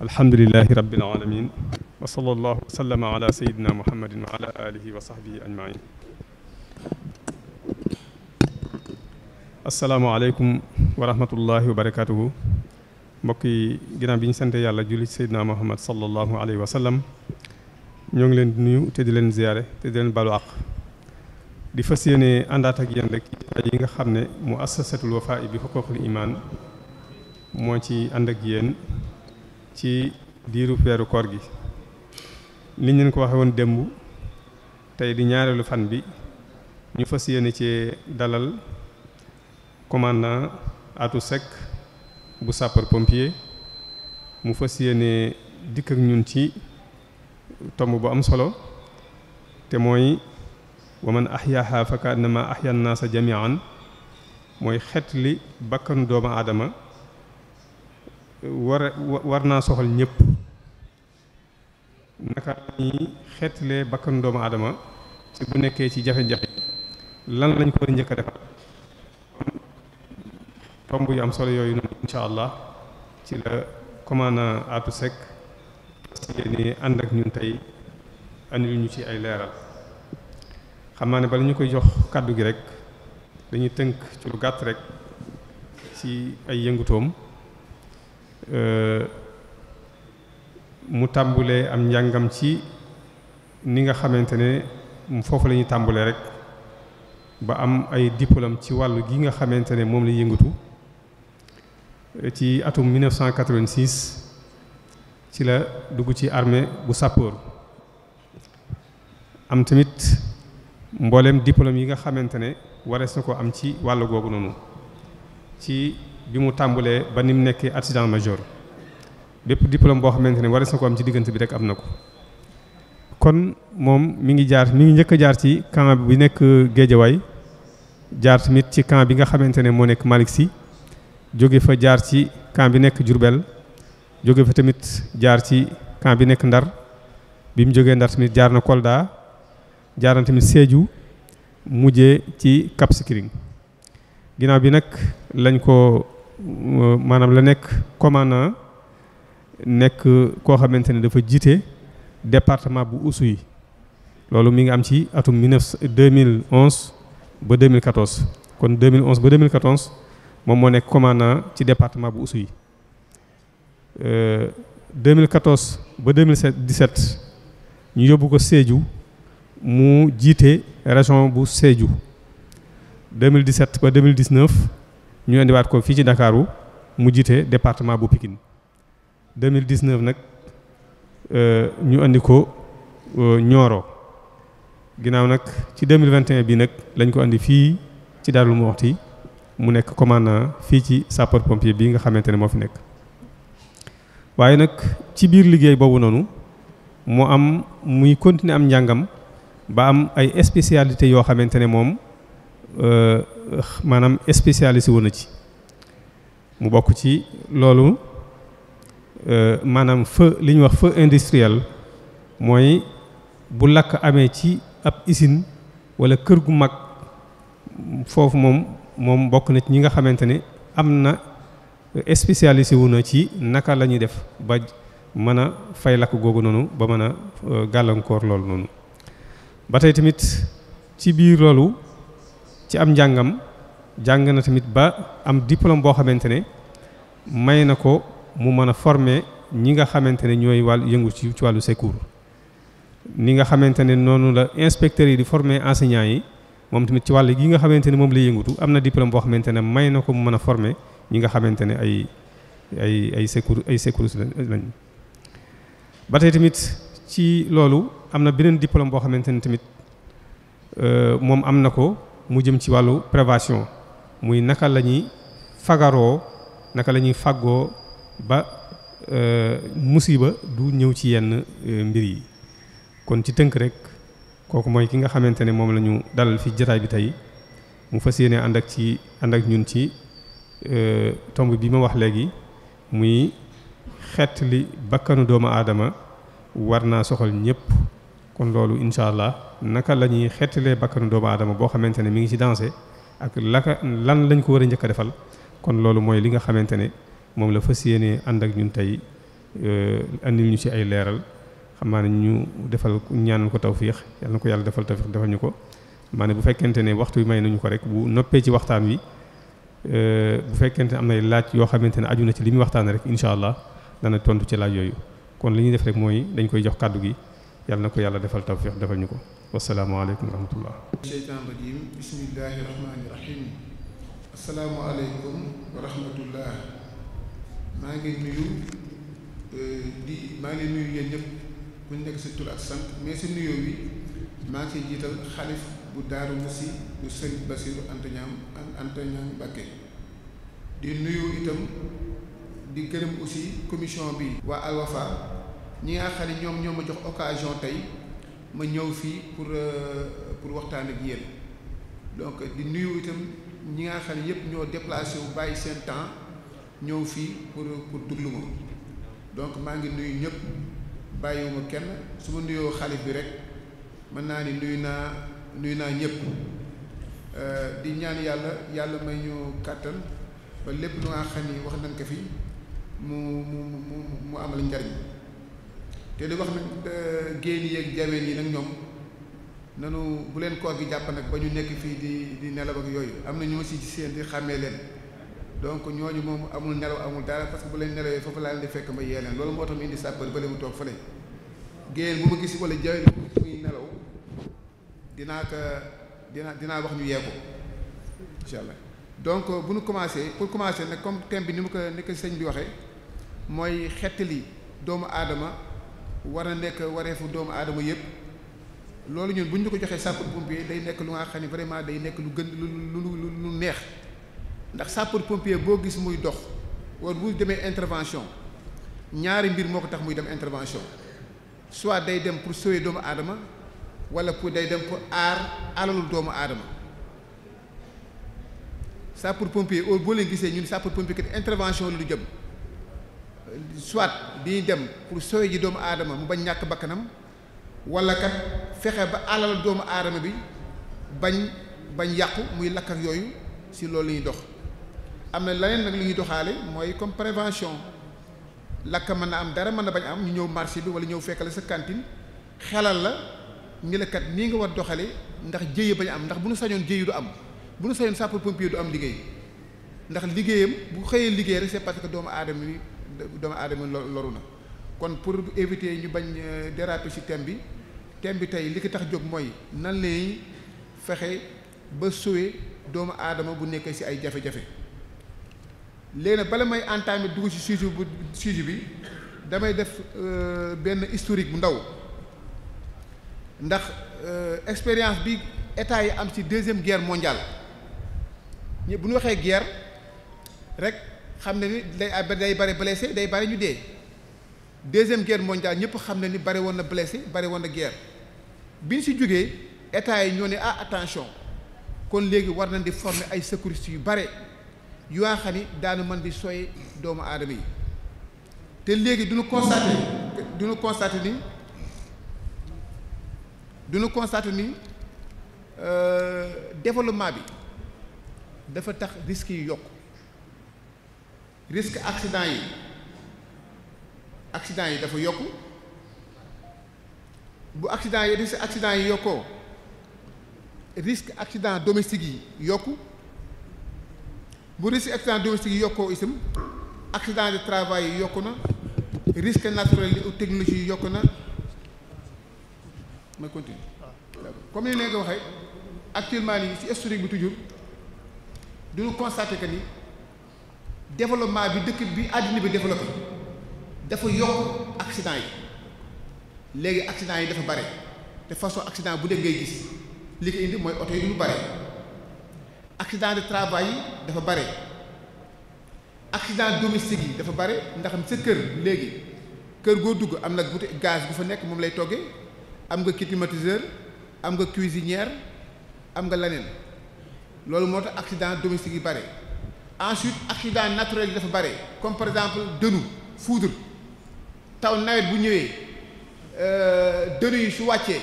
alhamdulilahi rabbil alamin wa sallallahu wa sallama wa ala wa sahbihi ajmain asalaamaaleykum wa rahmatullahi yi ginnaaw bi ñu sant yàlla julli ci sayidina muhammad sallallahu wa sallam ñoo ngi leen di nuyu te di leen ziyaare te di leen balu di fas yéene àndaat ak yéen rek yi nga xam ne mu assasatul wafaa bi xuququl iman moo ci ànd ak ci diiru weeru koor gi li ñu ko waxe woon démb tey di ñaareelu fan bi ñu fas yéene ci dalal commandant atu Seck bu sapeur pompier mu fas yéene dikk ak ñun ci tomb bu am solo te mooy wa man ahyaaha fa kaannama ahya an-naasa jami'an mooy xet li bakkanu doomu aadama war war naa soxal ñëpp naka ñuy xeetlee bakkanu doomu aadama ci bu nekkee ci jafe-jafe lan lañ ko njëkk a defal tomb yu am solo yooyu noonu incha allah ci la commandant Atou Seck si yéen ànd ak ñun tey andil ñu ci ay leeral xam naa ne bala ñu koy jox kàddu gi rek dañuy tënk ci lu gàtt rek ci ay yëngutoom Euh, mu tàmbulee am njàngam ci ni nga xamante ne foofu lañuy ñuy rek ba am ay diplôme ci wàll gi nga xamante ne moom la yëngatu ci atum 1986 ci la dugg ci armée bu sapeur am tamit mbooleem diplôme yi nga xamante ne warees na ko am ci wàll googu noonu ci bi mu tàmbalee ba ni mu nekkee accident majeur bépp diplôme boo xamante ne war na ko am ci diggante bi rek am na ko kon moom mi ngi jaar mi ngi njëkk a jaar ci camp bi nekk Géejawaay jaar tamit ci camp bi nga xamante ne moo nekk Malick Sy jóge fa jaar ci camp bi nekk Diourbel jóge fa tamit jaar ci camp bi nekk Ndar bi mu jógee Ndar tamit jaar na Kolda jaar na tamit Sédhiou mujjee ci Cap Skirring ginnaaw bi nag lañ ko maanaam la nekk commandant nekk koo xamante ne dafa jiite département bu Oussouye loolu mi ngi am ci atum 2011 ba 2014 kon 2011 ba 2014 moom moo nekk commandant ci département bu euh, mille 2014 ba 2017 ñu yóbbu ko Sédhiou mu jiite région bu Sédhiou 2017 ba ñu indiwaat ko fii ci ndakaaru mu jiite département bu Pikine 2019 nag euh, ñu indi ko euh, Nioro ginnaaw nag ci 2021 bi nag lañ ko indi fii ci Darou Mouhty mu nekk commandant fii ci sapeur pompier bii nga xamante ne moo fi nekk waaye nag ci biir liggéey boobu noonu moo am muy continuer am njàngam ba am ay spécialité yoo xamante ne moom Euh, maanaam spécialisé wu na ci mu bokk ci loolu euh, maanaam feu li ñuy wax feu industriel mooy bu lakk amee ci ab usine wala kër gu mag foofu moom moom bokk na ci ñi nga xamante ne am na euh, spécialisé wu na ci naka la ñuy def ba mën a fay lakk googu noonu ba mën a gàllankoor loolu noonu ba tey tamit ci biir loolu ci am njàngam jàng na tamit ba am diplôme boo xamante ne may na ko mu mën a former ñi nga xamante ne ñooy wàll yëngu ci ci wàllu secours ni nga xamante ne noonu la inspecteurs yi di former enseignants yi moom tamit ci wàll yi nga xamante ne moom lay yëngutu am na diplôme boo xamante ne may na ko mu mën a former ñi nga xamante ne ay ay ay secours ay secours lañ ba tey tamit ci loolu am na beneen diplôme boo xamante ne tamit euh, moom am na ko mu jëm ci wàllu prévention muy naka la ñuy fagaroo naka la ñuy faggoo ba euh, musiba du ñëw ci yenn euh, mbir yi kon ci tënk rek kooku mooy ki nga xamante ne moom la ñu dalal fi jataay bi tey mu fa yéene ànd ak ci ànd ak ñun ci euh, tomb bi ma wax léegi muy xeet li bakkanu doomu aadama war naa soxal ñëpp kon loolu incha allah naka la ñuy xettalee bakkanu doomu aadama boo xamante ne mi ngi ci dansé ak laka lan lañ ko war a njëkk defal kon loolu mooy li nga xamante ne moom la fas yéenee ànd ak ñun tey euh, andil ñu ci ay leeral xam naa ne ñu defal ñaanal ko tawfiix yal na ko yàlla defal tawfiix defal ñu ko maa bu fekkente ne waxtu bi may nañu ko rek bu noppee ci waxtaan wi euh, bu fekkente ne am nay laaj yoo xamante ne aju na ci li muy waxtaan rek incha allah dana tontu ci laaj yooyu kon li ñuy def rek mooy dañ koy jox kàddu gi. yàlla na ko yàlla defal tawfiq defal ñu ko wasalaamaaleykum wa rahmatullah sheytaan rajim bismillahi rahmaani rahim asalaamaaleykum wa rahmatullah maa ngi nuyu eh, di maa ngi nuyu yéen ñëpp bu nekk si tur ak sant mais si nuyoo bi maa ngi jiital xalif bu daaru musi bu sëriñ basiru antañaam antañaam Mbàkke di nuyu itam di gërëm aussi commission bi waa Al Wafa ñi nga xam ne ñoom ñoo ma jox occasion tey ma ñëw fii pour euh, pour waxtaan ak yéen donc di nuyu itam ñi nga xam ne yëpp ñoo déplacé wu bàyyi seen temps ñëw fii pour pour déglu ma donc maa ngi nuyu ñëpp bàyyiwuma kenn su ma nuyoo xalif bi rek mën naa ni nuyu naa nuyu naa ñëpp euh, di ñaan yàlla yàlla may ñu kàttan ba lépp lu nga xam ni wax nañ ko fi mu mu mu mu amal njariñ te li wax nag génn yeeg jaween yi nag ñoom nanu bu leen koor gi jàpp nag ba ñu nekk fii di di nelaw ak yooyu am na ñoo si seen di xàmmee leen donc ñooñu moom amul nelaw amul dara parce que bu leen nelawee foofu laa leen di fekk ma yee leen loolu moo tax mu indi sàppar bële mu toog fële génn bu ma gis wala jaween bu ma nelaw dinaa ko dinaa dinaa wax ñu yee ko incha allah donc bu nu commencé pour commencer nag comme thème bi ni ma ko ni ko bi waxee mooy xettali doomu aadama war a nekk wareefu doomu aadama yëpp loolu ñun bu ñu ko joxee sapeur pompier day nekk lu nga xam ne vraiment day nekk lu gën lu lu lu lu neex ndax sapeur pompier boo gis muy dox war bu demee intervention ñaari mbir moo ko tax muy dem intervention soit day dem pour sauver doomu aadama wala pour day dem pour aar alalu doomu aadama sapeur pompier boo leen gisee ñun sapeur pompier kat intervention la lu jëm. soit di dem pour sowe ji doomu aadama mu bañ ñàkk bakkanam wala kat fexe ba alal doomu aadama bi bañ bañ yàqu muy lakk yooyu si loolu la ñuy dox am na leneen nag li ñuy doxaale mooy comme prévention lakk mën na am dara mën na bañ am ñu ñëw marché bi wala ñëw fekkale sa cantine xelal la ni la kat nii nga war doxale ndax jëye bañ am ndax bu nu sañoon jëye du am bu nu sañoon sapeur pompier du am liggéey ndax liggéeyam bu xëyee liggéey rek c'est parce que doomu aadama bi doomu aadama loru na kon pour éviter ñu bañ euh, déraper ci thème bi thème bi tey li ko tax jóg mooy nan lay fexe ba suwe doomu aadama bu nekkee ci ay jafe-jafe léegi nag bala may entamer dugg ci sujet bu sujet bi damay def euh, benn historique bu ndaw ndax euh, expérience bi état yi am ci deuxième guerre mondiale bu ñu waxee guerre rek xam ne ni day day bari blessé day bari ñu dee deuxième guerre mondiale ñëpp xam ne ni bari woon na blessé bari woon na guerre bi ñu si jógee état yi ñoo ne ah attention kon léegi war nañ di former ay secouristes yu bare yoo xam ni daanu man di soy doomu aadama yi te léegi du ñu constaté du ñu constaté ni du ñu constaté ni euh, développement bi dafa tax risques yi yokk. risque accident yi accident yi dafa yokku bu accident yi risque accident yi yokkoo risque accident domestique yi yokku bu risque accident yokkoo itam accident de travail yi yokku na risque naturel yi technologie yi yokk na ma continue comme ni leen nga waxee actuellement nii ci historique bi toujours du ñu constaté que nii développement bi dëkk bi àddina bi développé dafa yokk accident yi léegi accident yi dafa bare te façon accident bu dee ngay gis li ko indi mooy oto yi lu bare accident de travail yi dafa bare accident domestique yi dafa bare ndax sa kër léegi kër goo dugg am na bouteille gaz bu fa nekk moom lay togge am nga climatiseur am nga cuisinière am nga leneen loolu moo tax accident domestique yi bare ensuite accident naturel yi dafa bare comme par exemple dënu foudre taw nawet bu ñëwee euh, dënu yi su wàccee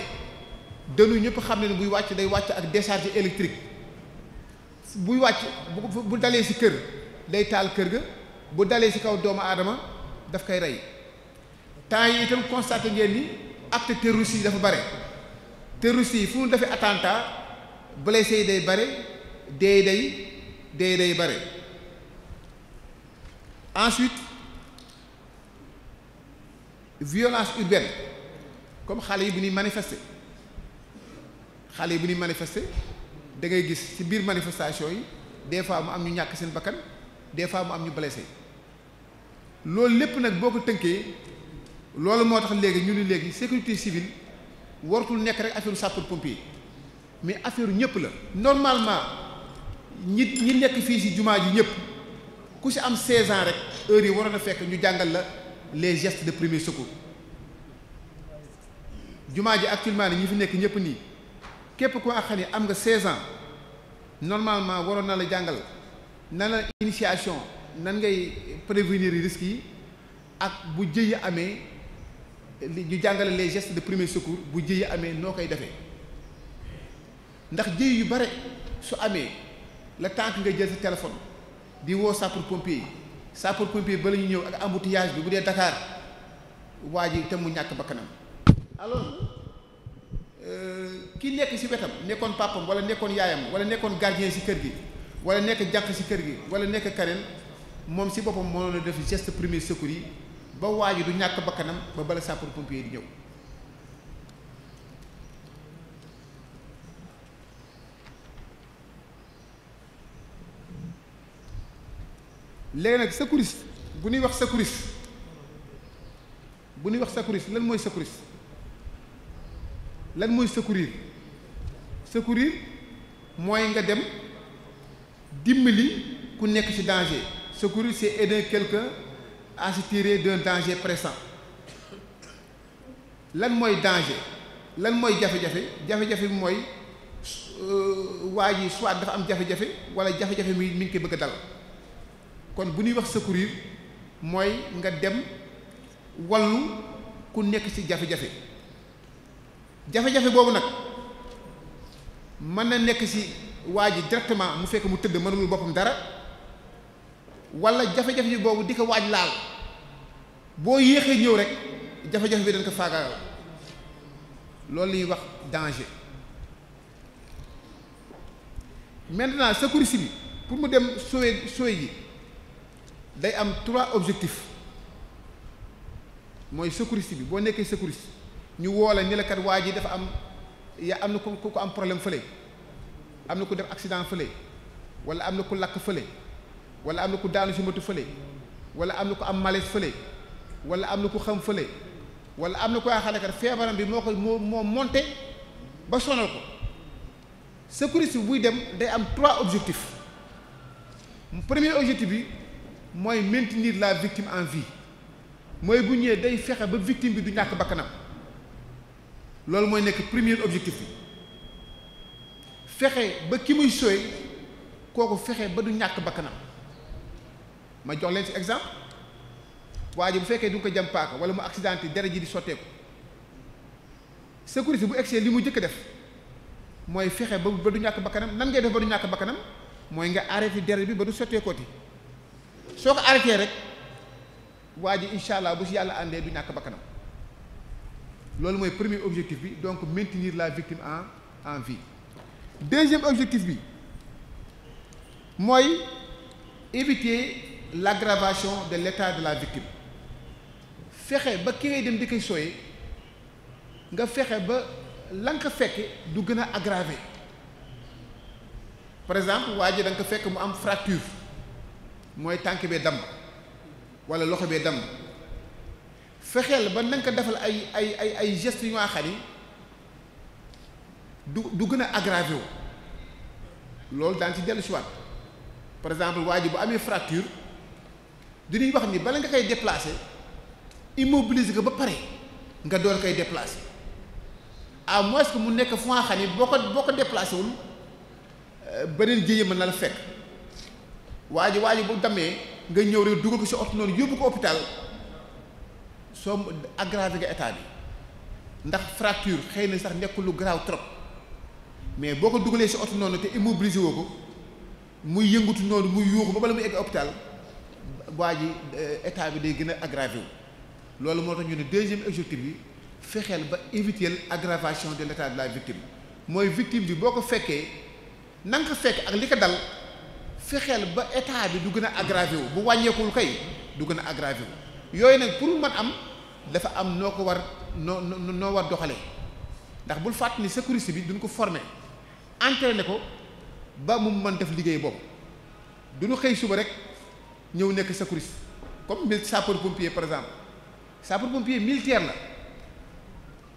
dënu ñëpp xam ne ne buy wàcc day wàcc ak décharge électrique buy wàcc bu bu dalee si kër day taal kër ga bu dalee si kaw doomu aadama daf koy rey temps yi itam constaté ngeen ni acte terroriste yi dafa bare terroriste yi fu ñu defee attentat blessé yi day bare dee day dee day bare ensuite violence urbaine comme xale yi bi ñuy manifester xale yi bu ñuy manifester da ngay gis ci biir manifestation yi des fois mu am ñu ñàkk seen bakkan des fois mu am ñu blessé loolu lépp nag boo ko tënkee loolu moo tax léegi ñu ni léegi sécurité civile wartul nekk rek affaire sapeur pompier mais affaire ñëpp la normalement ñi ñi nekk fii ci jumaa ji ñëpp. bu si am 16 ans rek heure yi waroon a fekk ñu jàngal la les gestes de premier secours jumaa ji actuellement ni ñi fi nekk ñëpp nii képp ku nga xam ne am nga 16 ans normalement waroon na la jàngal na la initiation nan ngay prévenir risques yi ak bu jëyi amee ñu jàngale les gestes de premier secours bu jëyi amee noo koy defee ndax jëy yu bare su amee la tànk nga jël sa téléphone di woo sapeur pompier yi sapeur ba la ñu ñëw ak embouteillage bi bu dee Dakar waa ji te mu ñàkk ba kanam alors euh, ki nekk ci wetam nekkoon papam wala nekkoon yaayam wala nekkoon gardien ci kër gi wala nekk jànq ci kër gi wala nekk kaneen moom ci boppam mënoon a def geste premier secours yi ba waa ji du ñàkk bakkanam ba bala sapeur pompier di ñëw. léegi nag secouriste bu ñuy wax secouriste bu ñuy wax secouriste lan mooy secouriste lan mooy secourir secourir mooy nga dem dimbali ku nekk ci danger secourir c'est aider quelqu'un à se tirer d'un danger pressant lan mooy danger lan mooy jafe-jafe jafe-jafe bi mooy euh, waa ji soit dafa am jafe-jafe wala jafe-jafe mi mi koy bëgg a dal kon bu ñuy wax secourir mooy nga dem wallu ku nekk ci jafe-jafe jafe-jafe boobu nag mën na nekk ci waa ji directement mu fekk mu tëdd mënul boppam dara walla jafe-jafe bi boobu di ko waaj laal boo yéexee ñëw rek jafe-jafe bi dañ ko faagaagal loolu la ñuy wax danger maintenant secourisme bi pour mu dem sauver sauver ji day am trois objectifs mooy secouriste bi boo nekkee secouriste ñu woo la ni waa ji dafa am yaa am na ku ku am problème fële am na ku def accident fële wala am na ku lakk fële wala am na ku daanu si moto fële wala am na ku am malaise fële wala am na ku xam fële wala am na ku xam ne feebaram bi moo ko moo moo monté ba sonal ko secouriste bi buy dem day am trois objectifs premier objectif bi. mooy maintenir la victime en vie mooy bu ñëwee day fexe ba victime bi du ñàkk bakkanam loolu mooy nekk premier objectif bi fexe ba ki muy sooy kooku fexe ba du ñàkk bakkanam ma jox leen ci exemple waa ji bu fekkee du nga ko jam paaka wala mu accidenté deret ji di sotteeku sécurité bu egsee li mu jëkk def mooy fexe ba ba du ñàkk bakkanam nan ngay def ba du ñàkk bakkanam mooy nga arrêté deret bi ba du sotteekooti soo ko arrêté rek waa ji incha allah bu si yàlla àndee du ñàkk bakkanam loolu mooy premier objectif bi donc maintenir la victime en en vie deuxième objectif bi mooy éviter l'aggravation de l'état de la victime fexe ba ki ngay dem di koy sooyee nga fexe ba la nga ko fekke du gën a aggravé par exemple waa ji da nga ko fekk mu am fracture mooy tànk bee damm wala loxo bee damm fexeel ba na nga ko defal ay ay ay ay gestes yu nga xam du du gën a aggravé wu loolu daan ci dellu si par exemple waa ji bu amee fracture dinañ wax ni bala nga koy déplacer immobiliser ko ba pare nga doon koy déplacer à moins que mu nekk fu nga xam boo ko boo ko déplacé wul euh, beneen jéye mën na la fekk. waa ji waa ji bu demee nga ñëw rek dugal ko si oto noonu yóbbu ko hôpital soo aggravé nga état bi ndax fracture xëy na sax nekkul lu garaaw trop mais boo ko dugalee si oto noonu te immobilisé ko muy yëngatu noonu muy yuuxu ba bala muy egg hôpital waa ji euh, état bi day gën a aggravé loolu moo tax ñu ne deuxième objectif bi fexeel ba éviter l'aggravation de l'état de la victime mooy victime bi boo ko fekkee nan nga ko fekk ak li ko dal fexeel ba état bi du gën a aggravé bu wàññeekul kay du gën a aggravé yooyu nag pour man am dafa am noo ko war noo noo war doxalee ndax bul fàtt ni sécurité bi duñ ko formé entraîné ko ba mu mën def liggéey boobu duñu xëy suba rek ñëw nekk sécurité comme mil sapeur pompier par exemple sapeur pompier militaire la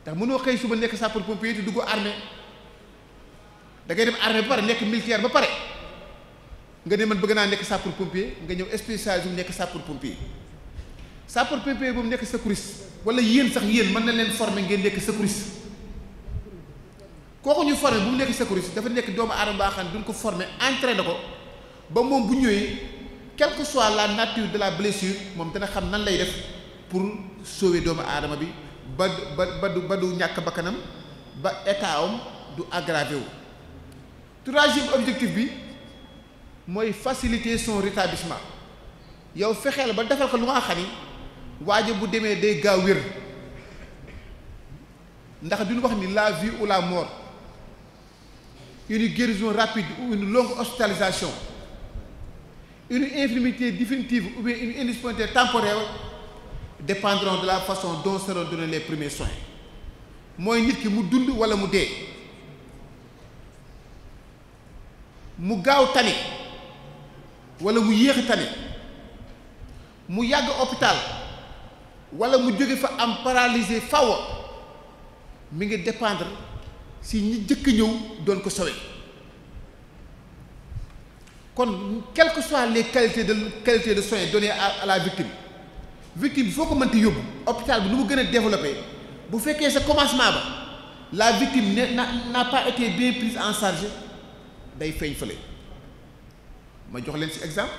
ndax mënoo xëy suba nekk sa sapeur pompier te dugg armée da ngay dem armée ba pare nekk militaire ba pare nga ne man bëgg naa nekk sapeur pompier nga ñëw spécialisé bu nekk sapeur pompier sapeur pompier boobu nekk secouriste wala yéen sax yéen mën na leen former ngeen nekk secouriste kooku ñu formé bu mu nekk secouriste dafa nekk doomu aadama baa xam ne duñ ko formé entraîné ko ba moom bu ñëwee quelle que soit la nature de la blessure moom dana xam nan lay def pour sauver doomu aadama bi ba ba ba du ba du ñàkk bakkanam ba état am du aggravé wu troisième objectif bi mooy faciliter son rétablissement yow fexeel ba defal ko lu nga xam ni waajo bu demee day gaaw wér ndax duñu wax ni la vie ou la mort une guérison rapide ou une longue hospitalisation une infirmité définitive ou bien une temporaire dépendront de la façon dont seront donnés les premiers soins mooy nit ki mu dund walla mu dee mu gaaw tani wala mu yéex a mu yàgg hôpital wala mu jóge fa am paralysé fawa mi ngi dépendre si ñi jëkk ñëw doon ko sowe kon quelque que soient les qualités de qualité de soins données à la victime victime foo ko mënti yóbbu hôpital bi nu mu gën a bu fekkee sa commencement ba la victime ne na n'a pas été bien prise en charge day feeñ fële ma jox leen si exemple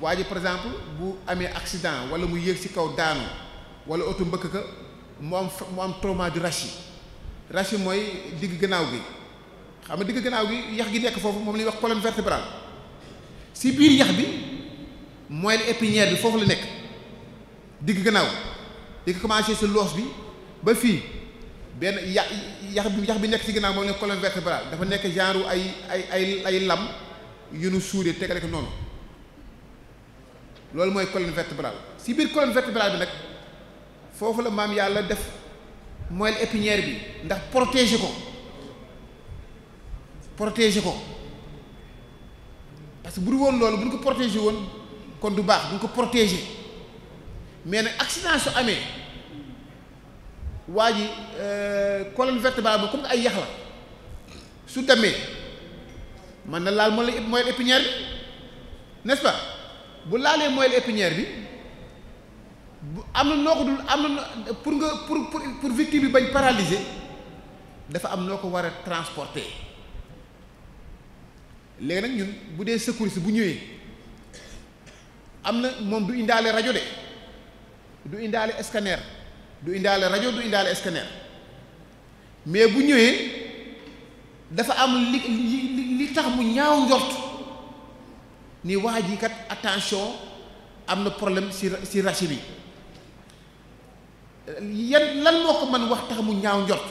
waa ji par exemple bu amee accident wala mu yéeg si kaw daanu wala oto mbëkk ka mu am mu am trauma du rachis rachis mooy digg gannaaw gi xam nga digg gannaaw gi yax gi nekk foofu moom la ñuy wax colonne vertébrale si biir yax bi moelle épinière bi foofu la nekk digg gannaaw di ko commencé ci loos bi ba fii benn ya yax bi yax bi nekk ci gannaaw moom la colonne vertébrale dafa nekk genre ay ay ay ay lam. yu nu suuree tegale ko noonu loolu mooy colonne vertébrale si biir colonne vertébrale bi nag foofu la maam yàlla def moelle épinière bi ndax protéger ko protéger ko parce que bu du woon loolu bu ñu ko protéger woon kon du baax bu ñu ko protégé mais nag accident su amee waa ji euh, colonne vertébrale bi comme ay yax la su demee. mën na laal mooy moelle épinière bi n'est-ce bu laalee moelle épinière bi bu am na noo ko dul am na pour nga pour pour pour victime bi bañ paralysé dafa am noo ko war a transporter léegi nag ñun bu dee secouriste bu ñëwee am na moom du indaale rajo de du indaale scanner du indaale rajo du indaale scanner mais bu ñëwee dafa am li li tax mu ñaaw njort ni waa ji kat attention am na problème si si rachis bi yan lan moo ko mën wax tax mu ñaaw njort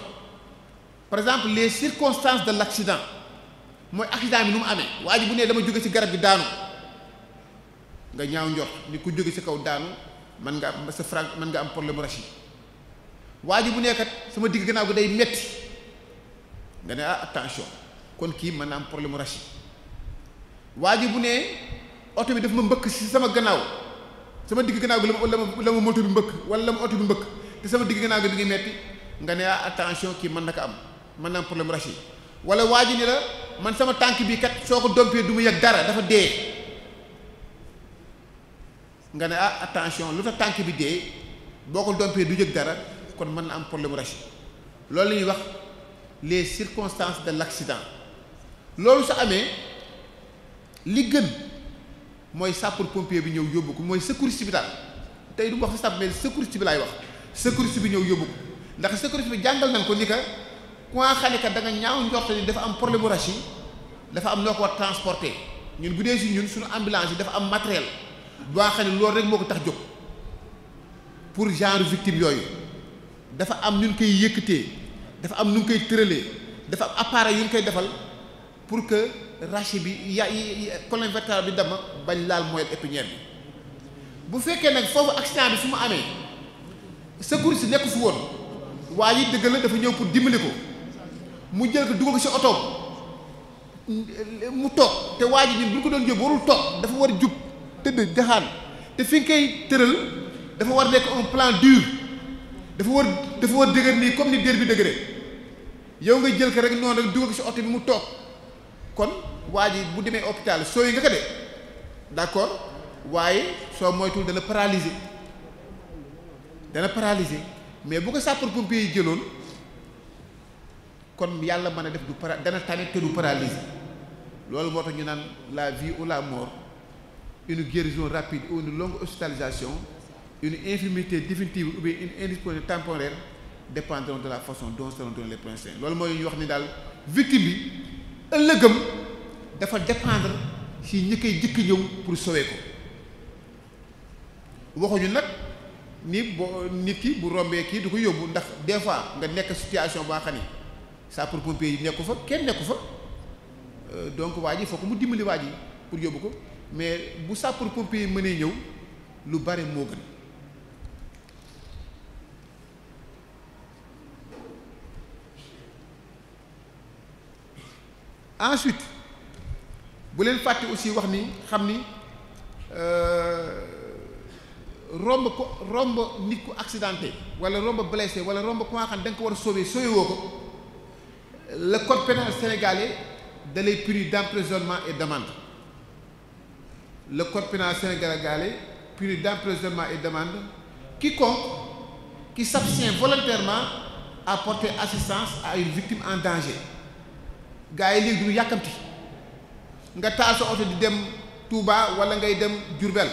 par exemple les circonstances de l'accident mooy accident bi nu mu amee waa bu nee dama jóge ci garab gi daanu nga ñaaw njort ni ku jóge si kaw daanu mën nga am sa fra mën nga am problème rachis waa ji bu nekkat sama digg gannaaw gi day metti nga ne ah attention kon kii mën na am problème mu rachis waa ji bu ne oto bi daf ma mbëkk si sama gannaaw sama digg gannaaw gi la ma la ma moto bi mbëkk wala la ma oto bi mbëkk te sama digg gannaaw gi di ngi metti nga ne ah attention kii mën na ko am mën na am problème rachis wala waa ji ni la man sama tànk bii kat soo ko dompee du mu yëg dara dafa dee nga ne ah attention lu tax tànk bi dee boo ko dompee du yëg dara kon mën na am problème rachis loolu la ñuy wax les circonstances de l'accident loolu su amee li gën mooy sapeur pompier bi ñëw yóbbu ko mooy secouriste bi daal tey du ma wax si sapeur mais secouriste bi laay wax secouriste bi ñëw yóbbu ko ndax secouriste bi jàngal nañ ko ni ka ku nga da nga ñaaw njort ni dafa am problème mu am noo ko war ñun bu dee si suñu ambulance yi dafa am matériel boo xam ne loolu rek moo ko tax jóg pour genre victime yooyu dafa am ñun koy yëkkatee dafa am ñu koy tëralee dafa am appareil yu ñu koy defal. pour que rachis bi ya colonne vertébrale bi dama bañ laal moelle épinière bi bu fekkee nag foofu accident bi su mu amee secours si nekk fi woon waa yi dëgg la dafa ñëw pour dimbali ko mu jël ko dugal si oto mu toog te waa ji ñun ñu ko doon yóbbu warul toog dafa war jub tëdd jaxaan te fi tëral dafa war nekk un plan dur dafa war dafa war nii comme ni dér bi dëgëre yow nga jël ko rek noonu rek ko si oto bi mu toog. kon waa ji bu demee hôpital soo yi nga ko de d'accord waaye soo moytul dana paralysé dana paralysé mais bu ko sapeur pompier yi jëloon kon yàlla man a def du para dana tamit te du paralysé loolu moo tax ñu naan la vie au la mort une guérison rapide ou une longue hospitalisation une infirmité définitive ou bien une indisponibilité temporaire dépendront de la façon dont seront donnés les points sains loolu mooy ñu wax ni daal victime ëllëgëm dafa dépendre si ñi koy jëkk ñëw pour sauver ko waxuñu nag ni boo nit ki bu rombee kii du ko yóbbu ndax des fois nga nekk situation baa xam ni sapeur-pompier yi nekku fa kenn nekku fa euh, donc waa ji foo ko mu dimbali waa ji pour yóbbu ko mais bu sapeur-pompier yi mënee ñëw lu bare moo gën ensuite bu leen fàtte aussi wax ni xam ni euh, romb ko romb nit ko accidenté wala romb blessé wala romb ku nga xam da nga ko war a sauver sauver woo ko le code pénal sénégalais da lay puni d'emprisonnement et d'amende le code pénal sénégalais puni d'emprisonnement et d'amende quiconque qui s'abstient volontairement à porter assistance à une victime en danger gaa yi léegi du ñu yàkkamti nga taal sa oto di dem Touba wala ngay dem Diourbel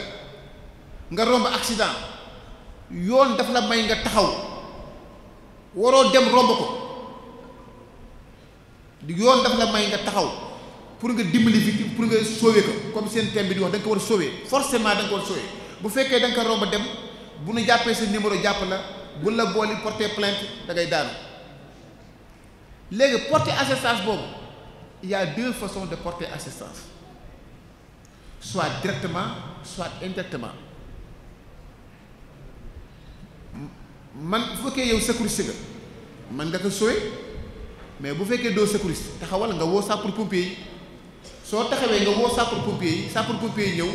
nga romb accident yoon daf la may nga taxaw waroo dem romb ko yoon daf la may nga taxaw pour nga dimbali bi pour nga sauver ko comme seen thème bi di wax da ko war a sauver forcément da nga bu fekkee da nga ko dem bu nu jàppee sa numéro jàpp la bu la booli porter plainte da ngay daanu léegi porter assistance boobu. yaa y façon deux façons de porter assistance soit directement soit intertement man bu fekkee yow secouriste nga man nga ko sooy mais bu fekkee doo secouriste taxawal nga woo sapeur pompier yi soo taxawee nga woo sapeur pompier yi sapeur pompier yi ñëw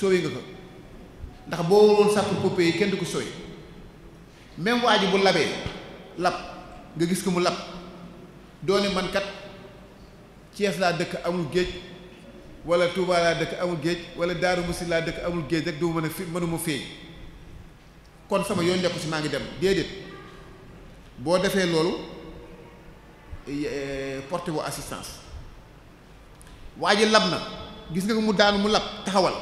sooy nga ko ndax boo woon sapeur pompier yi kenn du ko sooy même waa ji bu labee lab nga gis ki mu lab doone man Thiès laa dëkk amul géej wala Touba laa dëkk amul géej wala Daaru Musi laa dëkk amul géej rek du ma mën a fi mënuma feeñ kon sama yoon nekku si maa ngi dem déedéet boo defee loolu eh, porté bu assistance waa ji lab na gis nga ko mu daanu mu lab taxawal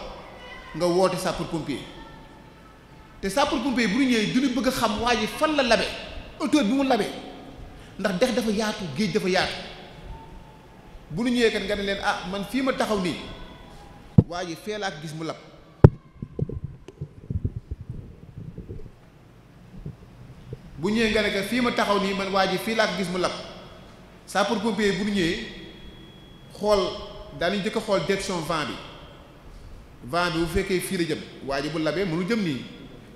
nga woote sapeur pompier te sapeur pompier bu ñu ñëwee du ñu bëgg xam waa ji fan la labee autour bi mu labee ndax dex dafa yaatu géej dafa yaatu bu nu ñëwee kat nga ne leen ah man fii ma taxaw nii waa ji fee laa gis mu lab bu ñëwee nga fii ma taxaw nii man waa ji fii laa gis mu lab sapeur pompier bu ñëwee xool daanañ jëkk xool direction vent bi vent bu fekkee fii la jëm waa ji bu labee mënu jëm nii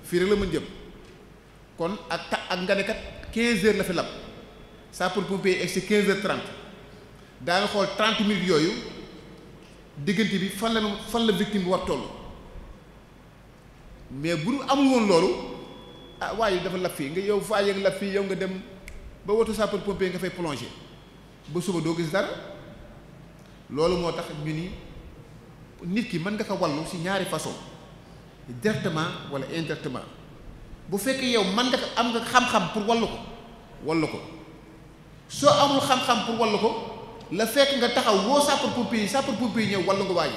fii rek la mën jëm kon ak ta ak nga ne kat quinze heures la fi lab sapeur pompier egg si quinze heures trente daa nga xool trente minutes yooyu diggante bi fan la fan la victime bi war toll mais bu amul woon loolu ah waaye dafa lab fii nga yow faa yëg lab fii yow nga dem ba woto sapeur pompier nga fay plongé ba suba doo gis dara loolu moo tax ñu ni nit ki man nga ko wallu ci ñaari façon directement walla indirectement bu fekkee yow man nga ko am nga xam-xam pour wallu ko wallu ko soo amul xam-xam pour wallu ko la fekk nga taxaw woo sapeurs-pompiers yi sapeurs-pompiers yi ñëw wallu nga waaj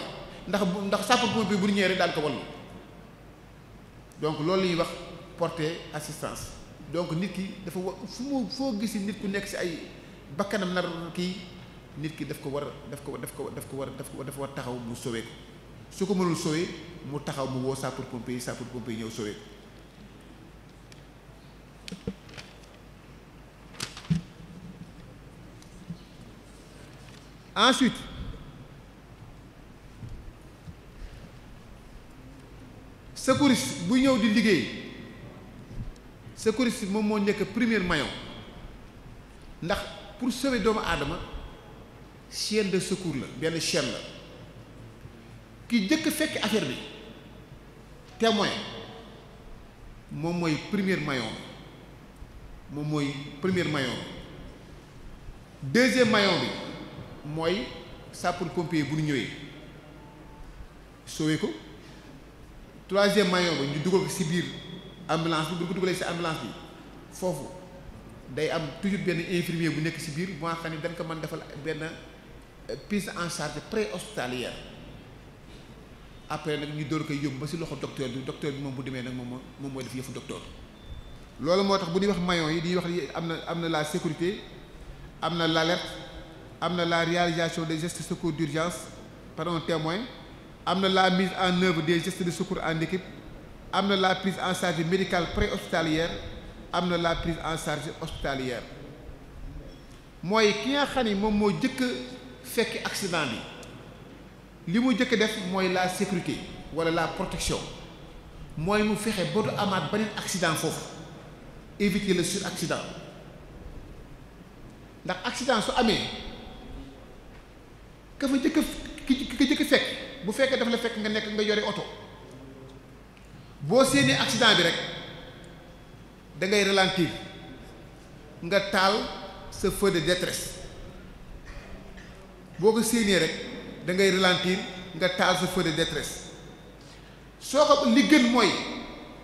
ndax ndax sapeurs-pompiers bu ñu ñëwee rek ko wallu donc loolu la wax porter assistance donc nit ki dafa wa fu mu foo gisi nit ku nekk si ay bakkanam nar kii nit ki daf ko war daf ko daf ko daf ko war daf ko dafa war taxaw mu sowee ko su ko mënul sowee mu taxaw mu woo sapeurs-pompiers yi sapeurs-pompiers yi ñëw sowee ko Ensuite, secouriste bu ñëw di liggéey secouriste moom moo nekk premier maillon ndax pour sauver doomu aadama chaîne de secours la benn chaîne la ki jëkk fekk affaire bi témoin moom mooy premier maillon moom mooy premier maillon bi deuxième bi mooy sapeur-pompier bu ñu ñëwee sowee ko troisième maillon ba ñu dugal ko ci biir ambulance bi bu ñu ko dugalee ci ambulance bi foofu day am toujours benn infirmier bu nekk ci biir bu nga xam ne dañ ko mën defal benn euh, prise en charge préhospitalière après nag ñu door koy yóbbu ba ci loxo docteur bi docteur bi moom bu demee nag moom moom mooy def yëfu docteur loolu moo tax bu ñuy wax mayon yi di wax am na am na la sécurité am na l'alerte am na la réalisation des gestes de secours d'urgence par un témoin am na la mise en œuvre des gestes de secours en équipe am na la prise en charge médicale préhospitalière am na la prise en charge hospitalière mooy ki nga xam ni moom moo jëkk fekki accident bi li mu jëkk def mooy la sécurité walla la protection mooy mu fexe ba du amaat beneen accident foofu éviter le sur accident ndax accident su amee ka fa jëkk ki fekk bu fekkee daf la fekk nga nekk nga yore oto boo séenee accident bi rek da ngay ralentir nga taal sa feu de détresse boo ko séenee rek da ngay ralentir nga taal sa feu de détresse soo ko li gën mooy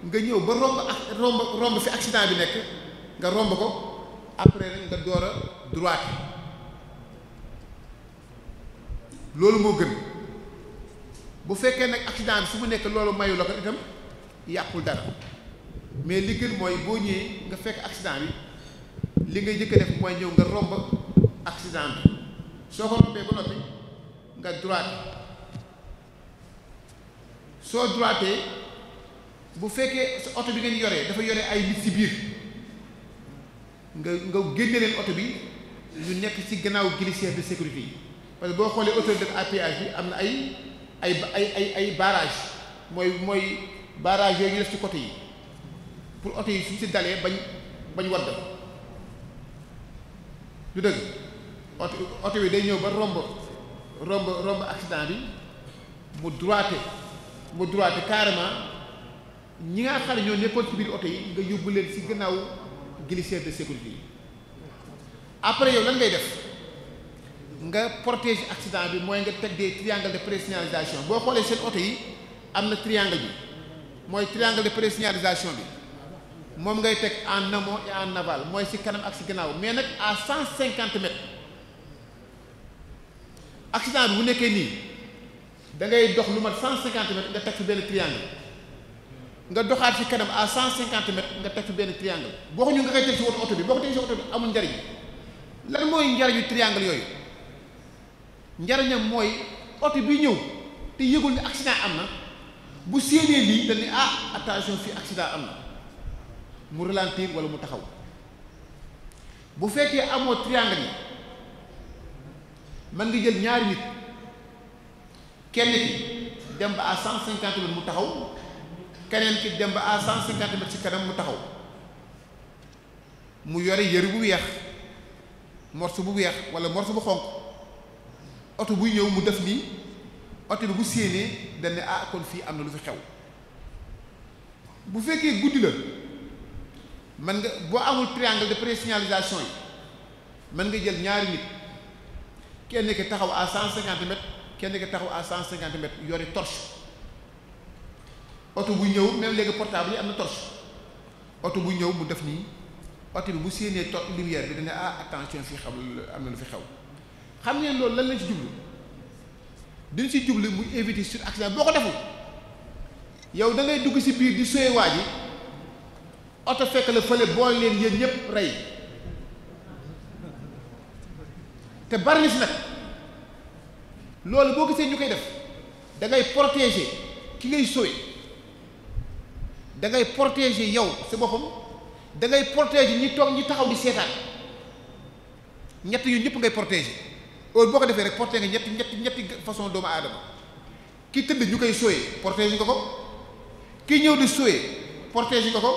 nga ñëw ba romb ak romb romb fi accident bi nekk nga romb ko après rek nga door droite loolu moo gën bu fekkee nag accident su fu mu nekk loolu mayu la ko itam yàqul dara mais li gën mooy boo ñëwee nga fekk accident bi li ngay jëkk def mooy ñëw nga romb accident soo ko rombee ba noppi nga droite soo droitee bu fekkee sa oto bi ngeen yoree dafa yore ay nit ci biir nga nga génne leen oto bi ñu nekk ci gannaaw glissière de sécurité yi parce que boo xoolee autorité à péage bi am na ay ay ay ay ay barrage mooy mooy barrage yooyu def ci côté yi pour oto yi suñ si dalee bañ bañ wadd du dëgg oto oto yi day ñëw ba romb romb accident bi mu droité mu droité carrément ñi nga xam ne ñoo nekkoon ci biir oto yi nga yóbbu leen si gannaaw glissière de sécurité yi après yow lan ngay def nga protéger accident bi mooy nga teg des triangle de présignalisation boo xoolee seen oto yi am na triangle bi mooy triangle de présignalisation bi moom ngay teg en amont en naval mooy si kanam ak si gannaaw mais nag à cent cinquante mètres accident bi bu nekkee nii da ngay dox lu mat cent cinquante mètres nga teg fi benn triangle nga doxaat fi kanam à cent cinquante mètres nga teg fi benn triangle boo ko ñu nga koy teg si woto bi boo ko teg si oto bi amul njariñ lan mooy njariñu triangle yooyu njariñam mooy oto bi ñëw te yëgul ne accident am na bu séenee lii dañ ah attention fii accident am na mu ralentir wala mu taxaw bu fekkee amoo triangle yi mën nga jël ñaari nit kenn ki dem ba à cent cinquante mu taxaw keneen ki dem ba à cent cinquante mètres ci kanam mu taxaw mu yore yër bu weex morso bu weex wala morso bu xonq oto buy ñëw mu def nii oto bi bu séenee dañ ne ah kon fii am na lu fi xew bu fekkee guddi la man nga boo amul triangle de présignalisation yi mën nga jël ñaari nit kenn ki taxaw à cent cinquante mètres kenn ki taxaw à cent cinquante mètres yore torche oto bu ñëw même léegi portable yi am na torche oto bu ñëw mu def nii oto bi bu séenee to lumière bi dana ah attention fii xam am na lu fi xew xam ngeen loolu lan lañ ci jublu duñ ci jublu muy invité sur accident boo ko deful yow da dugg ci biir di soye waa ji oto fekk la fële boole leen yéen ñëpp rey te bari nag loolu boo gisee ñu koy def dangay ngay ki ngay soye dangay ngay yow sa boppam da ngay protéger ñi toog ñi taxaw di seetaan ñett yu ñëpp ngay protéger. loolu boo ko defee rek porté nga ñetti ñetti ñetti façon doomu aadama ki tëdd ñu koy sowee protégé nga ko ki ñëw di sowee protégé nga ko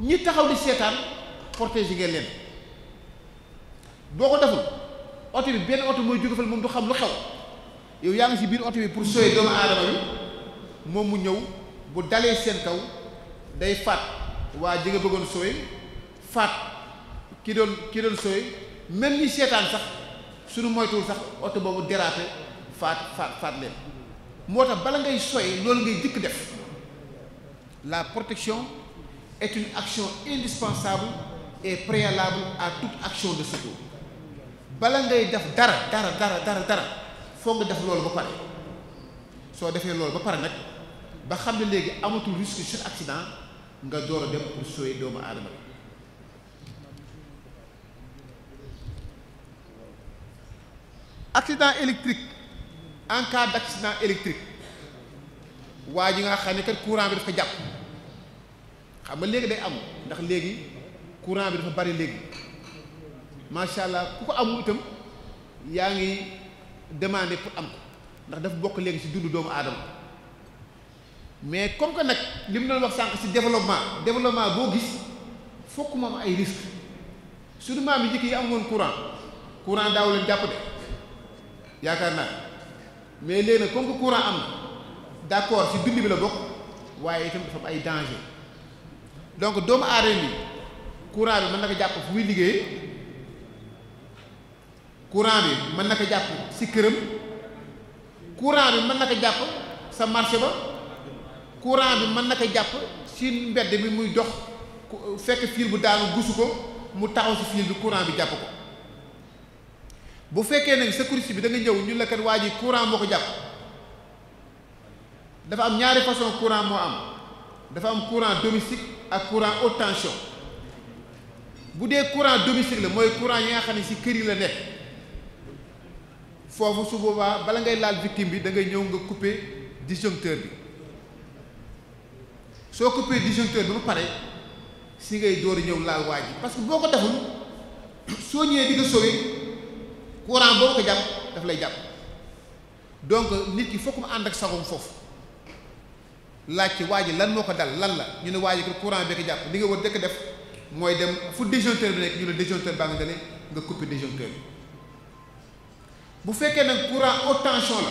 ñi taxaw di seetaan protégé ngeen leen boo ko deful oto bi benn oto mooy jóge fal moom du xam lu xew yow yaa ngi ci biir oto bi pour sowee doomu aadama bi moom mu ñëw bu dalee seen kaw day faat waa ji nga bëggoon sowee faat ki doon ki doon sowee même seetaan sax suñu moytuwul sax oto boobu déraper faat faat faat leen moo tax bala ngay soy loolu ngay jëkk def la protection est une action indispensable et préalable à action de secours bala ngay def dara dara dara dara dara foog nga def loolu ba pare soo defee loolu ba pare nag ba xam ne léegi amatul risque sur accident nga door a dem pour soy doomu aadama accident électrique en cas d' waa ji nga xam ne kat courant bi dafa jàpp xam nga léegi day am ndax léegi courant bi dafa bari léegi macha allah ku ko amul itam yaa ngi demandé pour am ko ndax dafa bokk léegi ci dundu doomu aadama mais comme que nag li mu doon wax sànq si développement développement boo gis fokk moom ay risque suñu maam yi njëkk yi amoon courant courant daaw leen jàpp de. yaakaar naa mais léegi nag comme que courant am d'accord ci dund bi la bokk waaye itam dafa ay danger donc doomu aadama bi courant bi mën naka ko jàpp fu muy liggéey courant bi mën naka jàpp si këram courant bi mën na jàpp sa marché ba courant bi mën na ko jàpp si mbedd bi muy dox fekk fil bu daanu gusu ko mu taxaw ci fil bi courant bi jàpp ko bu fekkee nag sa course bi da nga ñëw ñu la kat waa ji courant moo ko jàpp dafa am ñaari façon courant moo am dafa am courant domestique ak courant haute bu dee courant domestique la mooy courant yi nga xam ne si kër yi la nekk foofu su boobaa bala ngay laal victime bi da ngay ñëw nga couper disjoncteur bi soo couper disjoncteur bi ba pare si ngay door ñëw laal waa yi parce que boo ko deful soo ñëwee di nga courant boobu ko jàpp daf lay jàpp donc nit ki fokk mu ànd ak sagum foofu laaj ci waa ji lan moo ko dal lan la ñu ne waa ji courant bi ko jàpp li nga war dëkk def mooy dem fu disjoncteur bi nekk ñu ne disjoncteur baa nga dale nga couper disjoncteur bi bu fekkee nag courant haute tension la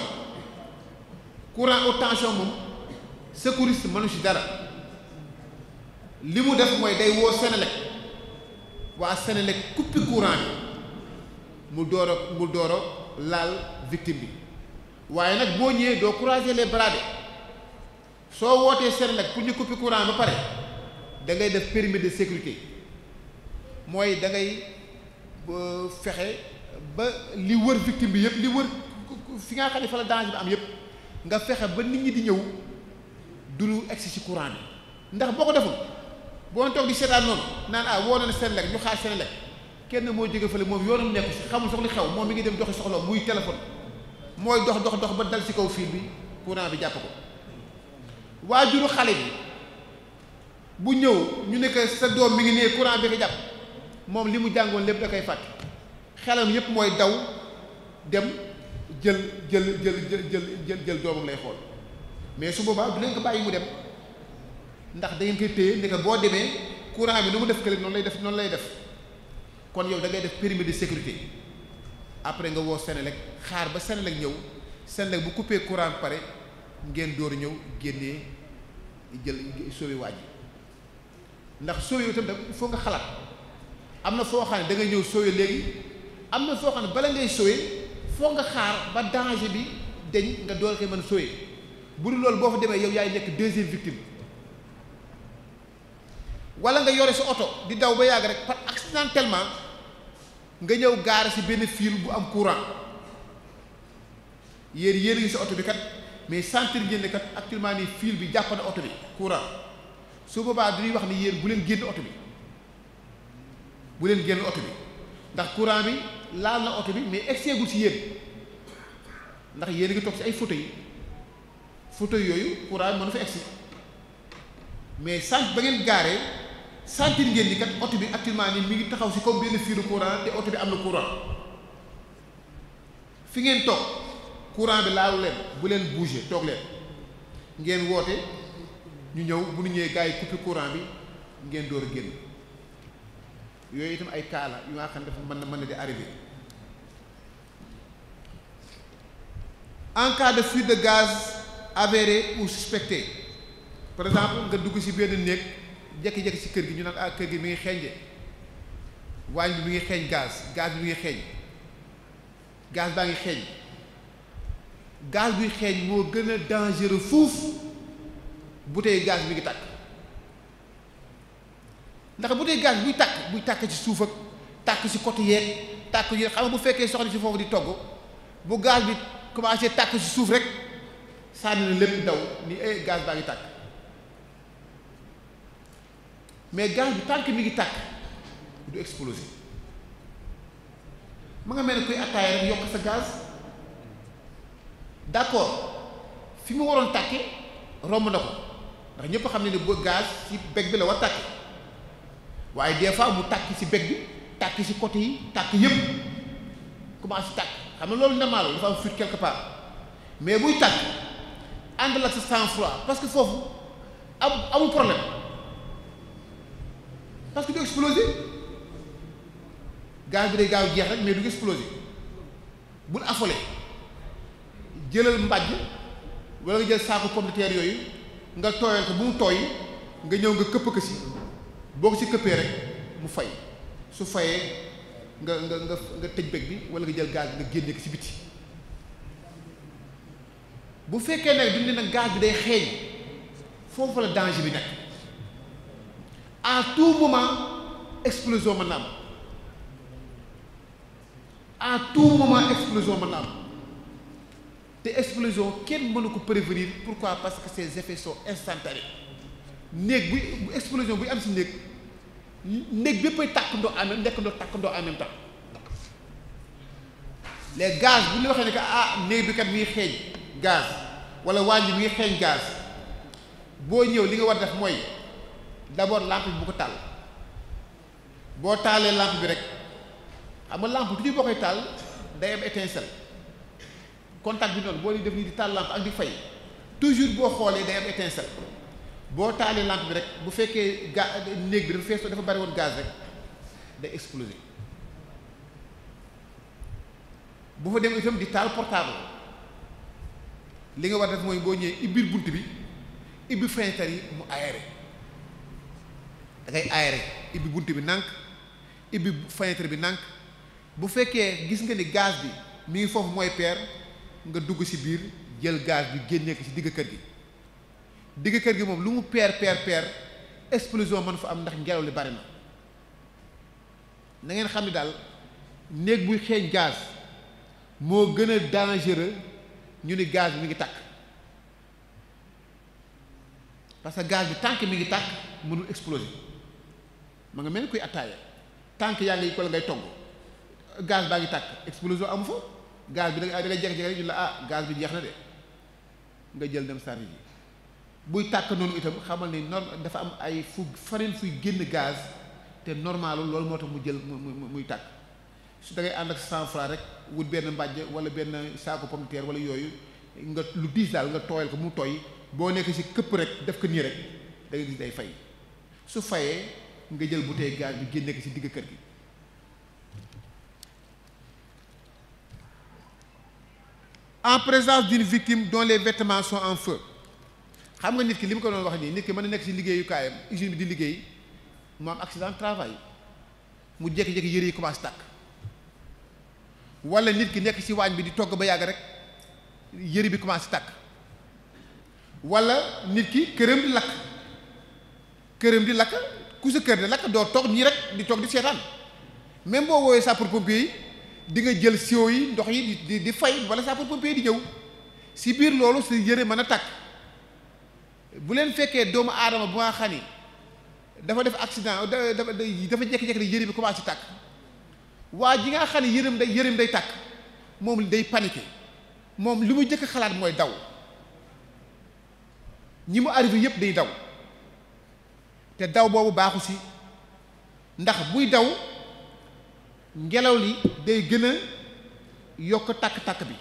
courant haute tension moom secouriste mënu ci dara li mu def mooy day woo Senelec waa Senelec couper courant mu door mu door a laal victime bi waaye nag boo ñëwee doo croiser les bras de soo wootee Senelec pour ñu couper courant ba pare da ngay def périmètre de sécurité mooy da ngay fexe ba li wër victime bi yëpp li wër fi nga xam ne fa la danger bi am yëpp nga fexe ba nit ñi di ñëw du nu egsi ci courant bi ndax boo ko deful boo toog di seetaan noonu naan ah woo na Senelec ñu xaar Senelec kenn moo jóge fële moom yoonam nekku si xamul sax li xew moom mi ngi dem doxi soxla muy téléphone mooy dox dox dox ba dal si kaw fiil bi courant bi jàpp ko waajuru xale bi bu ñëw ñu ne que sa doom mi ngi nee courant bi ko jàpp moom li mu jàngoon lépp da koy fàtte xelam yépp mooy daw dem jël jël jël jël jël jël doomam lay xool mais su boobaa du leen ko bàyyi mu dem ndax da ngeen koy téye ne que boo demee courant bi nu mu def kële noonu lay def noonu lay def kon yow dangay def périmètre de sécurité après nga woo Senelec xaar ba Senelec ñëw Senelec bu coupé courant pare ngeen door ñëw génnee jël sauvé waa ji ndax sauvé itam da foo nga xalaat am na foo xam ne da ngay ñëw sauvé léegi am na foo xam ne bala ngay sauvé foo nga xaar ba danger bi dañ nga door koy man sauvé bu dul loolu boo fa demee yow yaay nekk deuxième victime walla nga yore sa oto di daw ba yàgg rek par accidentellement nga ñëw gaare si benn fil bu am courant yéen yére yu sa oto bi kat mais sentir ngeen ne kat actuellement nii bi jàpp oto bi courant su boobaa dañuy wax ne yéen bu leen génn oto bi bu leen génn oto bi ndax courant bi laal na oto bi mais egseegul si yéen ndax yéen a ngi toog si ay yi fauteuil yooyu courant bi mënu fa egsi mais sant ba ngeen gaaree. sentir ngeen ni kat oto bi actuellement nii mi ngi taxaw si comme benn fil de courant te oto bi am na courant fi ngeen toog courant bi laalu leen bu leen bouger toog leen ngeen woote ñu ñëw bu ñu ñëwee gars yi coupé courant bi ngeen door a génn yooyu itam ay cas la nga xam ne dafa mën na mën na di arrivé en cas de fuite de gaz avérée ou suspectée par exemple nga dugg si benn néeg. jékki-jékki si kër gi ñu naan ah kër gi mu ngi xeeñ de waañ bi mi ngi xeeñ gaz gaz bi mi ngi xeeñ gaz baa ngi xeeñ gaz buy xeeñ moo gën a dangereux fuuf bouteille gaz mi ngi tàkk ndax bouteille gaz buy tàkk buy takk ci suuf ak takk si côté yeeg tàkk yi xam bu fekkee soxna si foofu di togg bu gaz bi commencé takk si suuf rek sànni na lépp daw ni eh gaz baa ngi tàkk mais gaz bi tànk mi ngi tàkk du exploser ma nga mel ne kuy attaaya rek yokk sa gaz d'accord fi mu waroon tàkke romb na ko ndax ñëpp xam ne ne ba gaz ci beg bi la war tàkke waaye des fa mu tàkk si beg bi tàkk ci côté yi tàkk yépp commencé tàkk xam ne loolu normal la dafa am fuite quelque part mais buy tàkk ànd la sa sang froid parce que foofu am amul problème parce que du exploser gaz bi day gaaw jeex rek mais du exploser bul affolé jëlal mbàjj walla nga jël saako pomme yooyu nga tooyal ko bu mu tooy nga ñëw nga këpp ko si boo ko si këppee rek mu fay su fayee nga nga nga nga tëj bég bi wala nga jël gaz bi nga génne ko si biti bu fekkee nag duñ ne nag gaz bi day xeeñ foofu la danger bi nekk. à tout moment explosion mën na am à tout moment explosion mën na am te explosion kenn mënu ko prévenir pourquoi parce que ces effets sont instantanés néeg bu explosion buy am si néeg néeg béppay tàkk ndoo en même nekk ndoo tàkk ndoo en même temps les gaz bu ñu waxee ne a ah néeg bi kat mi xeeñ gaz wala wàññi mi ngi xeeñ gaz boo ñëw li nga war def mooy d'abord lampe bi bu ko taal boo taalee lampe bi rek xam nga lampe toujours boo koy taal day am étincelle contact bi noonu boo def nii di taal lampe ak di fay toujours boo xoolee day am étincelle boo taalee lampe bi rek bu fekkee ga néeg bi dafa fees dafa bari woon gaz rek day exploser bu fa dem itam di taal portable li nga war def mooy boo ñëwee ibbil bunt bi ibbi fenêtre yi mu aéré. da ngay aéré ibbi bunt bi nànk ibbi fenêtre bi nànk bu fekkee gis nga ni gaz bi mi ngi foofu mooy peer nga dugg ci biir jël gaz bi génnee ko ci digg kër gi digg kër gi moom lu mu peer peer peer explosion mën fa am ndax ngelaw li bari na na ngeen xam ne daal néeg buy xeeñ gaz moo gën a dangereux ñu ni gaz bi mi ngi tàkk parce que gaz bi tànk mi ngi tàkk mënul exploser ma nga mel ni kuy attaaya tànk yaa ngi ko la ngay togg gaz baa ngi takk explosion amu fa gaz bi da ngay da ngay jékki ñu la ah gaz bi jeex na de nga jël dem sànni ji buy tàkk noonu itam xamal ni norm dafa am ay fu faneen fuy génn gaz te normalul loolu moo tax mu jël mu muy tàkk su da ànd ak cent franc rek wut benn mbàjj wala benn saako pom de terre wala yooyu nga lu diis daal nga tooyal ko mu tooy boo nekk ci këpp rek def ko nii rek da day fay su fayee nga jël bouteille gaz bi génne ko ci digg kër gi en présence d'une victime dont les vêtements sont en feu xam nga nit ki li mu ko doon wax nii nit ki mën na nekk ci liggéeyukaayam usine bi di liggéey mu am accident de mu jékki-jékki yëre yi commence tàkk walla nit ki nekk ci waañ bi di togg ba yàgg rek yëre bi commencé takk walla nit ki këram di lakk këram di lakk ku sa kër de lakk doo toog nii rek di toog di seetaan même boo woowee sapeur pompier yi di nga jël siwo yi ndox yi di di fay wala sapeur pompier di ñëw si biir loolu si yëre mën a takk bu leen fekkee doomu aadama bu nga xani dafa def accident dafa dafa jekki-jekki rek yëre bi commencé tàkk waa ji nga xam ne yërëm day yërëm day tàkk moom day paniqué moom li mu njëkk xalaat mooy daw ñi mu arrivé yëpp day daw te daw boobu baaxu si ndax buy daw ngelaw li day gën a yokk takk-takk bi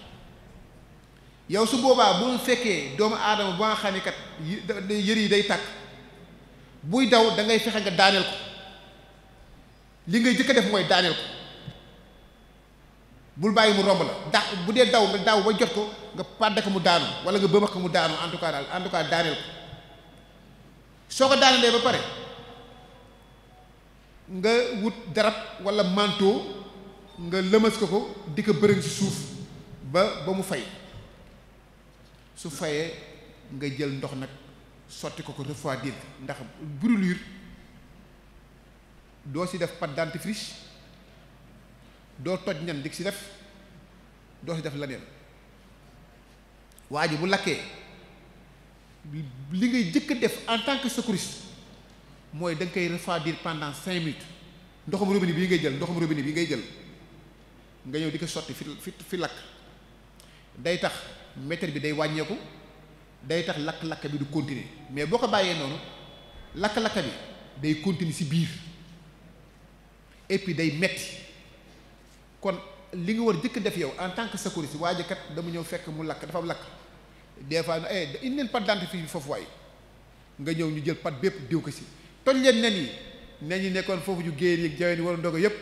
yow su boobaa bu fekkee doomu aadama bu nga xam ne kat yi day takk buy daw da ngay fexe nga daaneel ko li ngay jëkk a def mooy daaneel ko bul bàyyi mu romb la ndax bu dee daw nga daw ba jot ko nga pàdd ko mu daanu wala nga bëmax ko mu daanu en tout cas daal cas daaneel ko soo ko daanalee ba pare nga wut darab walla manteau nga lëmas ko ko di ko bërëng ci suuf ba ba mu fay su fayee nga jël ndox nag sotti ko ko refroidir ndax brûlure doo si def pâte dentifrice doo toj ñan di si def doo si def leneen waa ji bu lakkee li ngay jëkk def en tant que secouriste mooy da nga koy refroidir pendant cinq minutes ndoxum robinet bii ngay jël ndoxum robinet bii ngay jël nga ñëw di ko sotti fi fi fi lakk day tax mètre bi day wàññeeku day tax lakk-lakk bi du continuer mais boo ko bàyyee noonu lakk-lakk bi day continuer si biir et puis day metti kon li nga war jëkk def yow en tant que secouriste kat dama ñëw fekk mu lakk dafa lakk des fois eh indil pat dant bi foofu waay nga ñëw ñu jël pat bépp diw ko si toj leen nen yi nen yi nekkoon foofu ñu géer yi jaween yi war a ndogo yëpp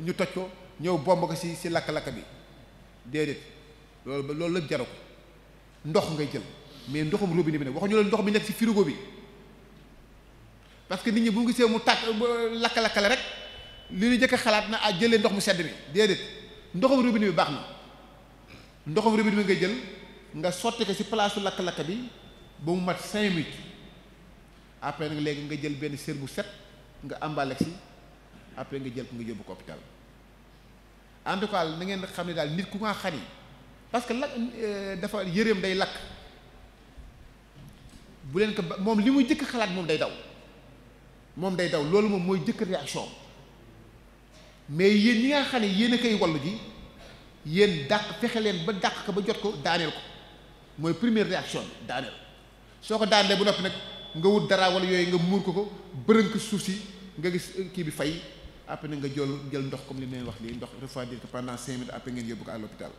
ñu toj ko ñëw bomb ko si si lakk bi déedéet loolu loolu lépp jaru ko ngay jël mais ndoxum robinet bi nag waxuñu la ndox bi nekk si frigo bi parce que nit ñi bu see mu tàkk lakka-lakkale rek li ñu jëkk xalaat na a ah, jëlee ndox mu sedd mi déedéet ndoxum robinet bi baax na ndoxum robinet bi ngay jël nga sotti ko ci palaasu lakk-lakk bi ba mu mat cinq minutes après nag léegi nga jël benn sér bu set nga emballé ci après nga jël ko nga yóbbu ko hôpital en tout cas na ngeen xam ne daal nit ku nga xani parce que lakk euh, dafa yëreem day lakk bu leen ko ba moom li muy jëkk xalaat moom day daw moom day daw loolu moom mooy jëkk réaction mais yéen ñi nga xam ne yéen a koy wallu gi yéen dàq fexe leen ba dàq ko ba jot ko daaneel ko mooy première réaction bi daaneel soo ko daanee bu noppi nag nga wut dara wala yooyu nga muur ko ko bërënk suuf si nga gis kii bi fay après nga jël jël ndox comme li leen wax lii ndox refroidir ko pendant cinq minutes après ngeen yóbbu ko à l'hôpital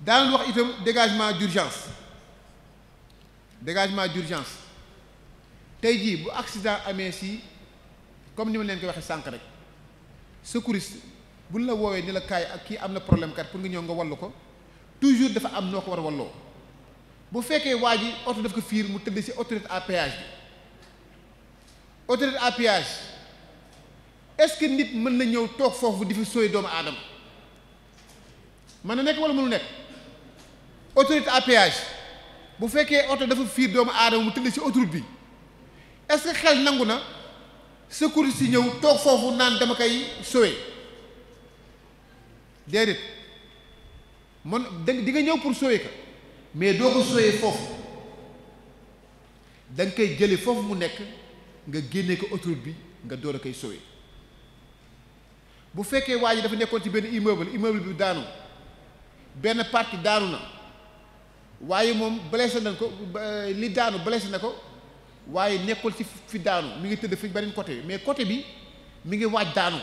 daaneel wax itam dégagement d'urgence dégagement d'urgence tey jii bu accident amee si comme ni ma leen ko waxee sànq rek secouriste bu buñ la woowee ni la kaay ak kii am na problème kat pour nga ñëw nga wallu ko toujours dafa am noo ko war a walloo bu fekkee waa ji oto daf ko fiir mu tëdd ci autorité à péage bi autorité est-ce que nit mën na ñëw toog foofu di fi doomu aadama mën na nekk wala mënu nekk autorité à bu fekkee oto dafa fiir doomu aadama mu tëdd ci autoroute bi est-ce que xel nangu na secours si ñëw toog foofu naan dama koy sooy déedéet man di nga ñëw pour sooyee mais doo ko sooyee foofu da koy jële foofu mu nekk nga génne ko autoroute bi nga door a koy sooyee bu fekkee waa ji dafa nekkoon ci benn immeuble immeuble bi daanu benn partie daanu na waaye moom blessé nañ ko euh, li daanu blessé na ko waaye nekkul ci fi daanu mu ngi tëdd fi beneen côté mais côté bi mi ngi waaj daanu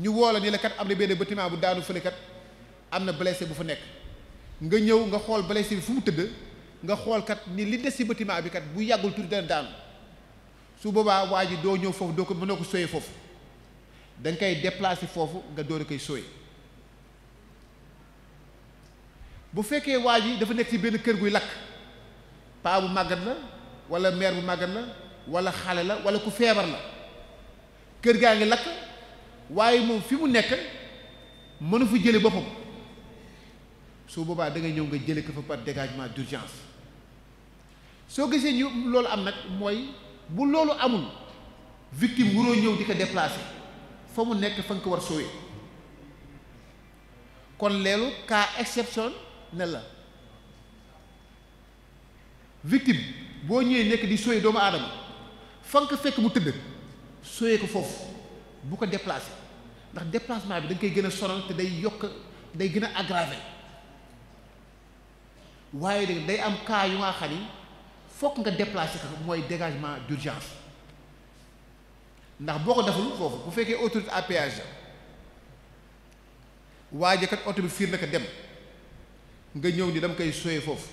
ñu woo la ni la am na benn bâtiment bu daanu fële kat am na blessé bu fa nekk nga ñëw nga xool blessé bi fu mu tëdd nga xool kat ni li des ci bâtiment bi kat bu yàggul tuuti dana daanu su boobaa waa ji doo ñëw foofu doo ko mënoo ko sooyee foofu da koy déplacer foofu nga door koy sooyee bu fekkee waa ji dafa nekk ci benn kër guy lakk paa bu màggat la wala meer bu màggat la wala xale la wala ku feebar la kër gaa ngi lakk. waaye moom fi mu nekk mënu fa jële boppam su boobaa da nga ñëw nga jële ko fa par dégagement d'urgence soo gisee ñu loolu am nag mooy bu loolu amul victime wuroo ñëw di ko déplacer fa mu nekk fa nga ko war sowee kon leelu cas exception ne la victime boo ñëwee nekk di sowe doomu aadama fa nga ko fekk mu tëdd sowe ko foofu bu ko déplacer ndax déplacement bi dañ koy gën a sonal te day yokk day gën a aggravé waaye nag day am cas yu nga xam fokk nga déplacé ko mooy dégagement d'urgence ndax boo ko deful foofu bu fekkee autorité à péage waaye kat oto bi fiir na dem nga ñëw ni dama koy soye foofu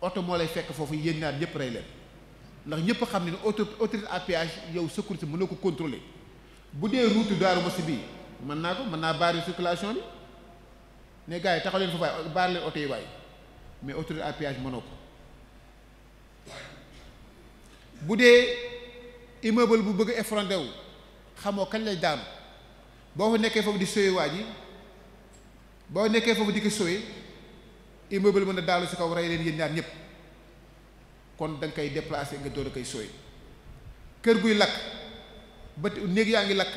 oto moo lay fekk foofu yéen ñaar ñëpp rey leen ndax ñëpp xam ne ne auto à péage yow sécurité mun na ko contrôler bu dee route Daaru Muxti bii mën naa ko mën naa barrer circulation bi ne gars yi taxaw leen fa waaye barrer leen oto yi waay mais autoroute à péage mënoo ko bu dee immeuble bu bëgg effondré wu xamoo kañ lay daanu boo fa nekkee foofu di sowe waa ji boo nekkee foofu di ko sowe immeuble mën a daalu si kaw rey leen yéen ñaar ñëpp kon da koy déplacer nga door a koy sowe kër guy lakk ba néeg yaa ngi lakk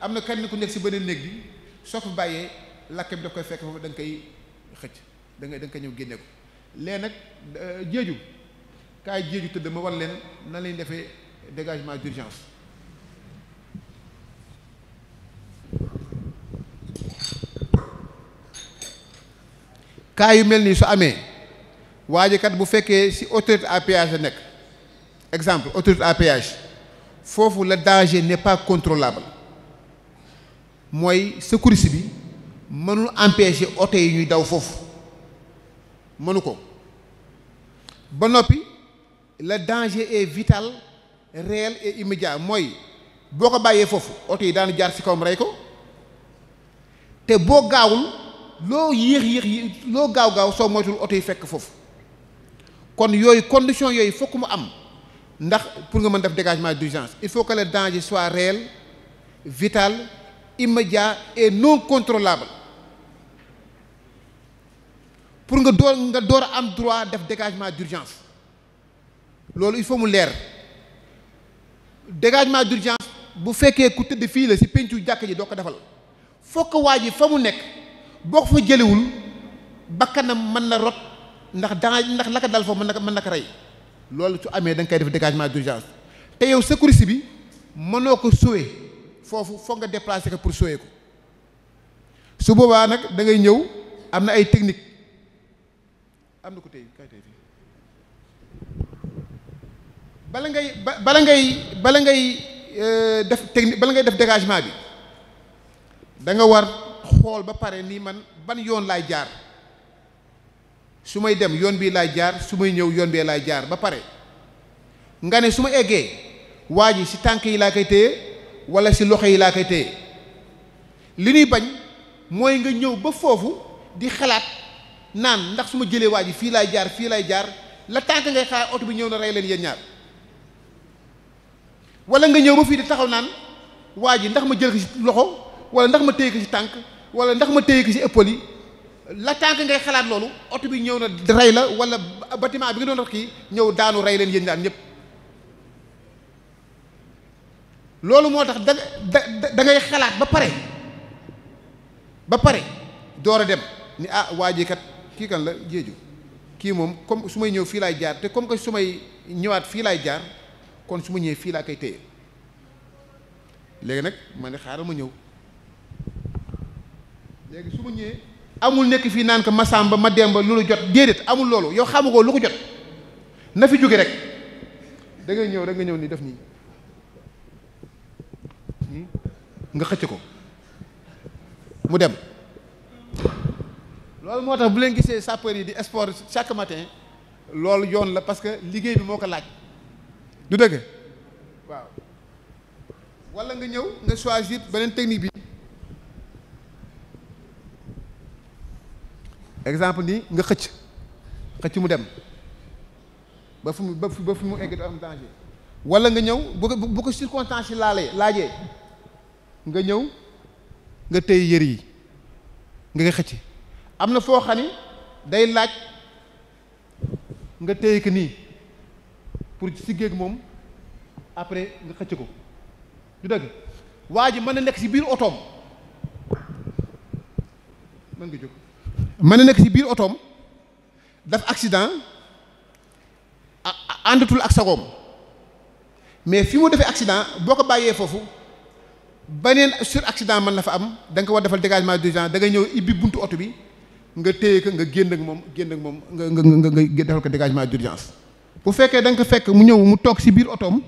am na kenn ku nekk si beneen néeg bi soo ko bàyyee lakk bi daf koy fekk foofu da nga koy xëcc da nga da nga koy ñëw génne ko léegi nag euh, jéeju kaay jéeju tëdd ma war leen na lañ defee dégagement d'urgence cas yu mel nii su amee waajikat bu fekkee si autorité à péage nekk exemple autorité à péage foofu le danger n'est pas contrôlable mooy secouriste bi mënul empêcher oto yi ñuy daw foofu mënu ko ba noppi la danger est vital réel et immédiat mooy boo ko bàyyee foofu oto yi daan jaar ci kawam rey ko te boo gaawul loo yéex yéex loo gaaw gaaw soo moytul oto yi fekk foofu kon yooyu condition yooyu fokk mu am ndax pour nga mën def dégagement d'urgence il faut que le danger soit réel vital immédiat et non contrôlable pour nga door nga door a am droit def dégagement d'urgence loolu il faut mu leer dégagement d'urgence bu fekkee ku tëdd fii la ci pencu jàkk ji doo ko defal fokk waa ji fa mu nekk boo ko fa jëliwul bakkanam mën na rot ndax daa ndax la ko dal foofu mën na ko mën na ko rey loolu su amee da nga def def du d'urgence te yow secouriste bi mënoo ko sauvé foofu foog nga déplacé ko pour sauvé ko su boobaa nag dangay ñëw am na ay technique am na ko tey fii bala ngay bala ngay bala euh, ngay def technique bala ngay def dégagement bi da nga war xool ba pare nii man ban yoon laay jaar su may dem yoon bii laay jaar su may ñëw yoon bee laay jaar ba pare nga ne su ma eggee waa ji si tànk yi laa koy téye wala si loxo yi laa koy téye li ñuy bañ mooy nga ñëw ba foofu di xalaat naan ndax su ma jëlee waa ji fii laay jaar fii laay jaar la tànk ngay xaar oto bi ñëw na rey leen yéen ñaar wala nga ñëw ba fii di taxaw naan waa ji ndax ma jël ko si loxo wala ndax ma téye ko si tànk wala ndax ma téye ko si ëppal yi la tànk ngay xalaat loolu oto bi ñëw na rey la wala bâtiment bi nga doon kii ñëw daanu rey leen yéen daan ñëpp loolu moo tax da dangay xalaat ba pare ba pare door a dem ni ah waa ji kat kii kan la jéeju kii moom comme su may ñëw fii laay jaar te comme que su may ñëwaat fii laay jaar kon su ma ñëwee fii laa koy téye léegi nag ma ne xaaral ma ñëw léegi su ma ñëwee. amul nekk fii naan ko Masamba ma demba lu lu jot déedéet amul loolu yow xamu ko lu ko jot na fi jóge rek dangay ñëw rek nga ñëw nii def nii hmm? nga xëcc ko mu dem loolu moo tax bu leen gisee sapeur yi di sport chaque matin loolu yoon la parce que liggéey bi moo ko laaj du dëgg waaw walla nga ñëw nga choisir beneen technique bi exemple ni nga xëcc xëcc mu dem ba fu mu ba fu mu egg am danger wala nga ñëw bu ko bu ko circonstance yi laalee laajee nga ñëw nga tëye yére yi nga nga xëcc am na foo xam ni day laaj nga téye ko nii pour si géeg moom après nga xëcc ko du dëgg waa ji mën na nekk ci biir otoom mën nga jóg mën na nekk ci biir otoom daf accident àndatul ak sagoom mais fi mu defee accident boo ko bàyyee foofu ba neen sur accident mën na fa am da nga ko war defal dégagement d'urgence da ñëw ibbi buntu oto bi nga téye ko nga génn moom génn moom nga nga nga nga defal ko dégagement d'urgence bu fekkee da ko fekk mu ñëw mu toog ci biir otoom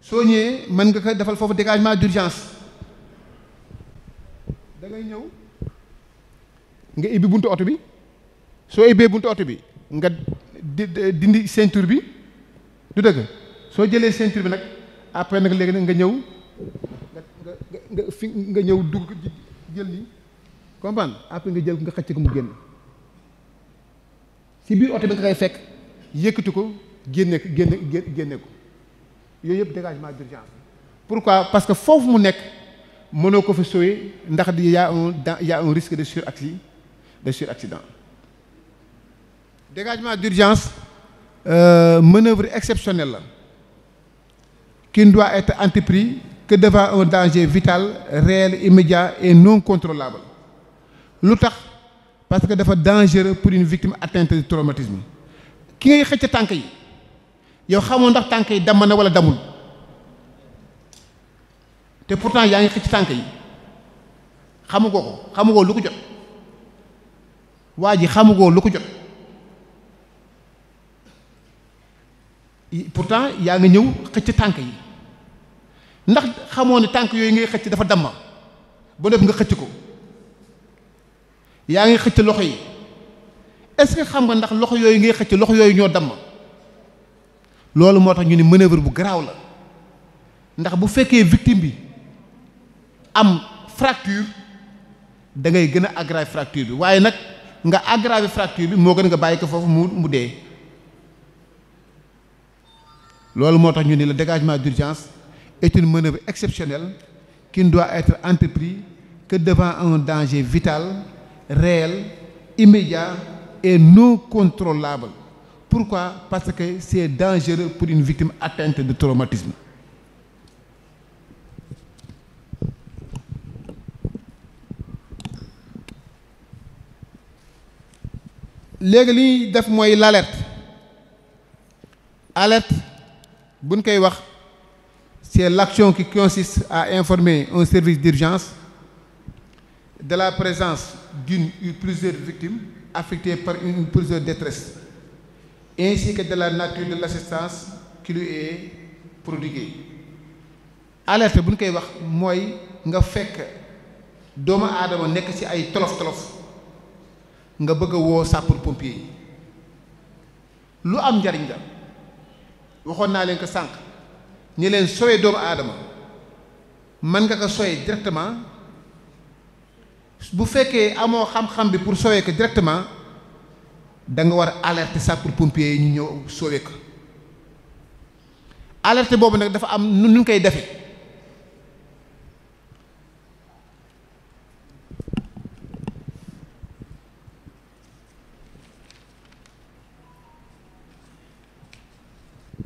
soo ñëwee mën nga ko defal foofu dégagement d'urgence dangay ñëw. nga ibbi buntu oto bi soo ibbee buntu oto bi nga dindi ceinture bi du dëgg soo jëlee ceinture bi nag après nag léegi nag nga ñëw fi nga ñëw dugg jël li comprendre après nga jël nga xëcc ko mu génn si biir oto bi nga koy fekk yëkkati ko génne génne génne ko yooyu yëpp dégagement d'urgence pourquoi parce que foofu mu nekk mënoo ko fa sowee ndax di yaa a un y a un risque de ak si de accident dégagement d'urgence euh, manœuvre exceptionnelle la qui ne doit être entrepris que devant un danger vital réel immédiat et non contrôlable lu tax parce que dafa dangereux pour une victime atteinte de traumatisme ki ngay xëcc tànk yi yow xamoo ndax tànk yi damm na wala damul te pourtant yaa ngi xëcc tànk yi xamu ko ko xamu ko lu ko jot waa ji xamugoo lu ko jot pourtant yaa ngi ñëw xëcc tànk yi ndax xamoo ne tànk yooyu ngay xëcc dafa damma ba def nga xëcc ko yaa ngi xëcc loxo yi est-ce que xam nga ndax loxo yooyu ngay xëcc loxo yooyu ñoo damma loolu moo tax ñu ne manœuvre bu garaaw la ndax bu fekkee victime bi am fracture da ngay gën a aggraver fracture bi waaye nag nga aggraver fracture bi moo gën nga bàyyi ko foofu mu mu dee loolu moo tax ñu ni la dégagement d'urgence est une manœuvre exceptionnelle qui ne doit être entreprise que devant un danger vital réel immédiat et non contrôlable pourquoi parce que c'est dangereux pour une victime atteinte de traumatisme léegi li def mooy l'alerte alerte buñ koy wax c'est l'action qui consiste à informer un service d'urgence de la présence d'une ou plusieurs victimes affectées par une ou plusieurs détresses ainsi que de la nature de l'assistance qui lui est prodiguée alerte bu ñu koy wax mooy nga fekk doomu aadama nekk ci ay tolof-tolof nga bëgg a woo sapeur pompier yi lu am njariñ la waxoon naa leen ko sànq ñi leen sowe doomu aadama mën nga ko sowe directement bu fekkee amoo xam-xam bi pour sowe ko directement da nga war a alerter sapeur yi ñu ñëw soowee ko alerte boobu nag dafa am nu ñu koy defee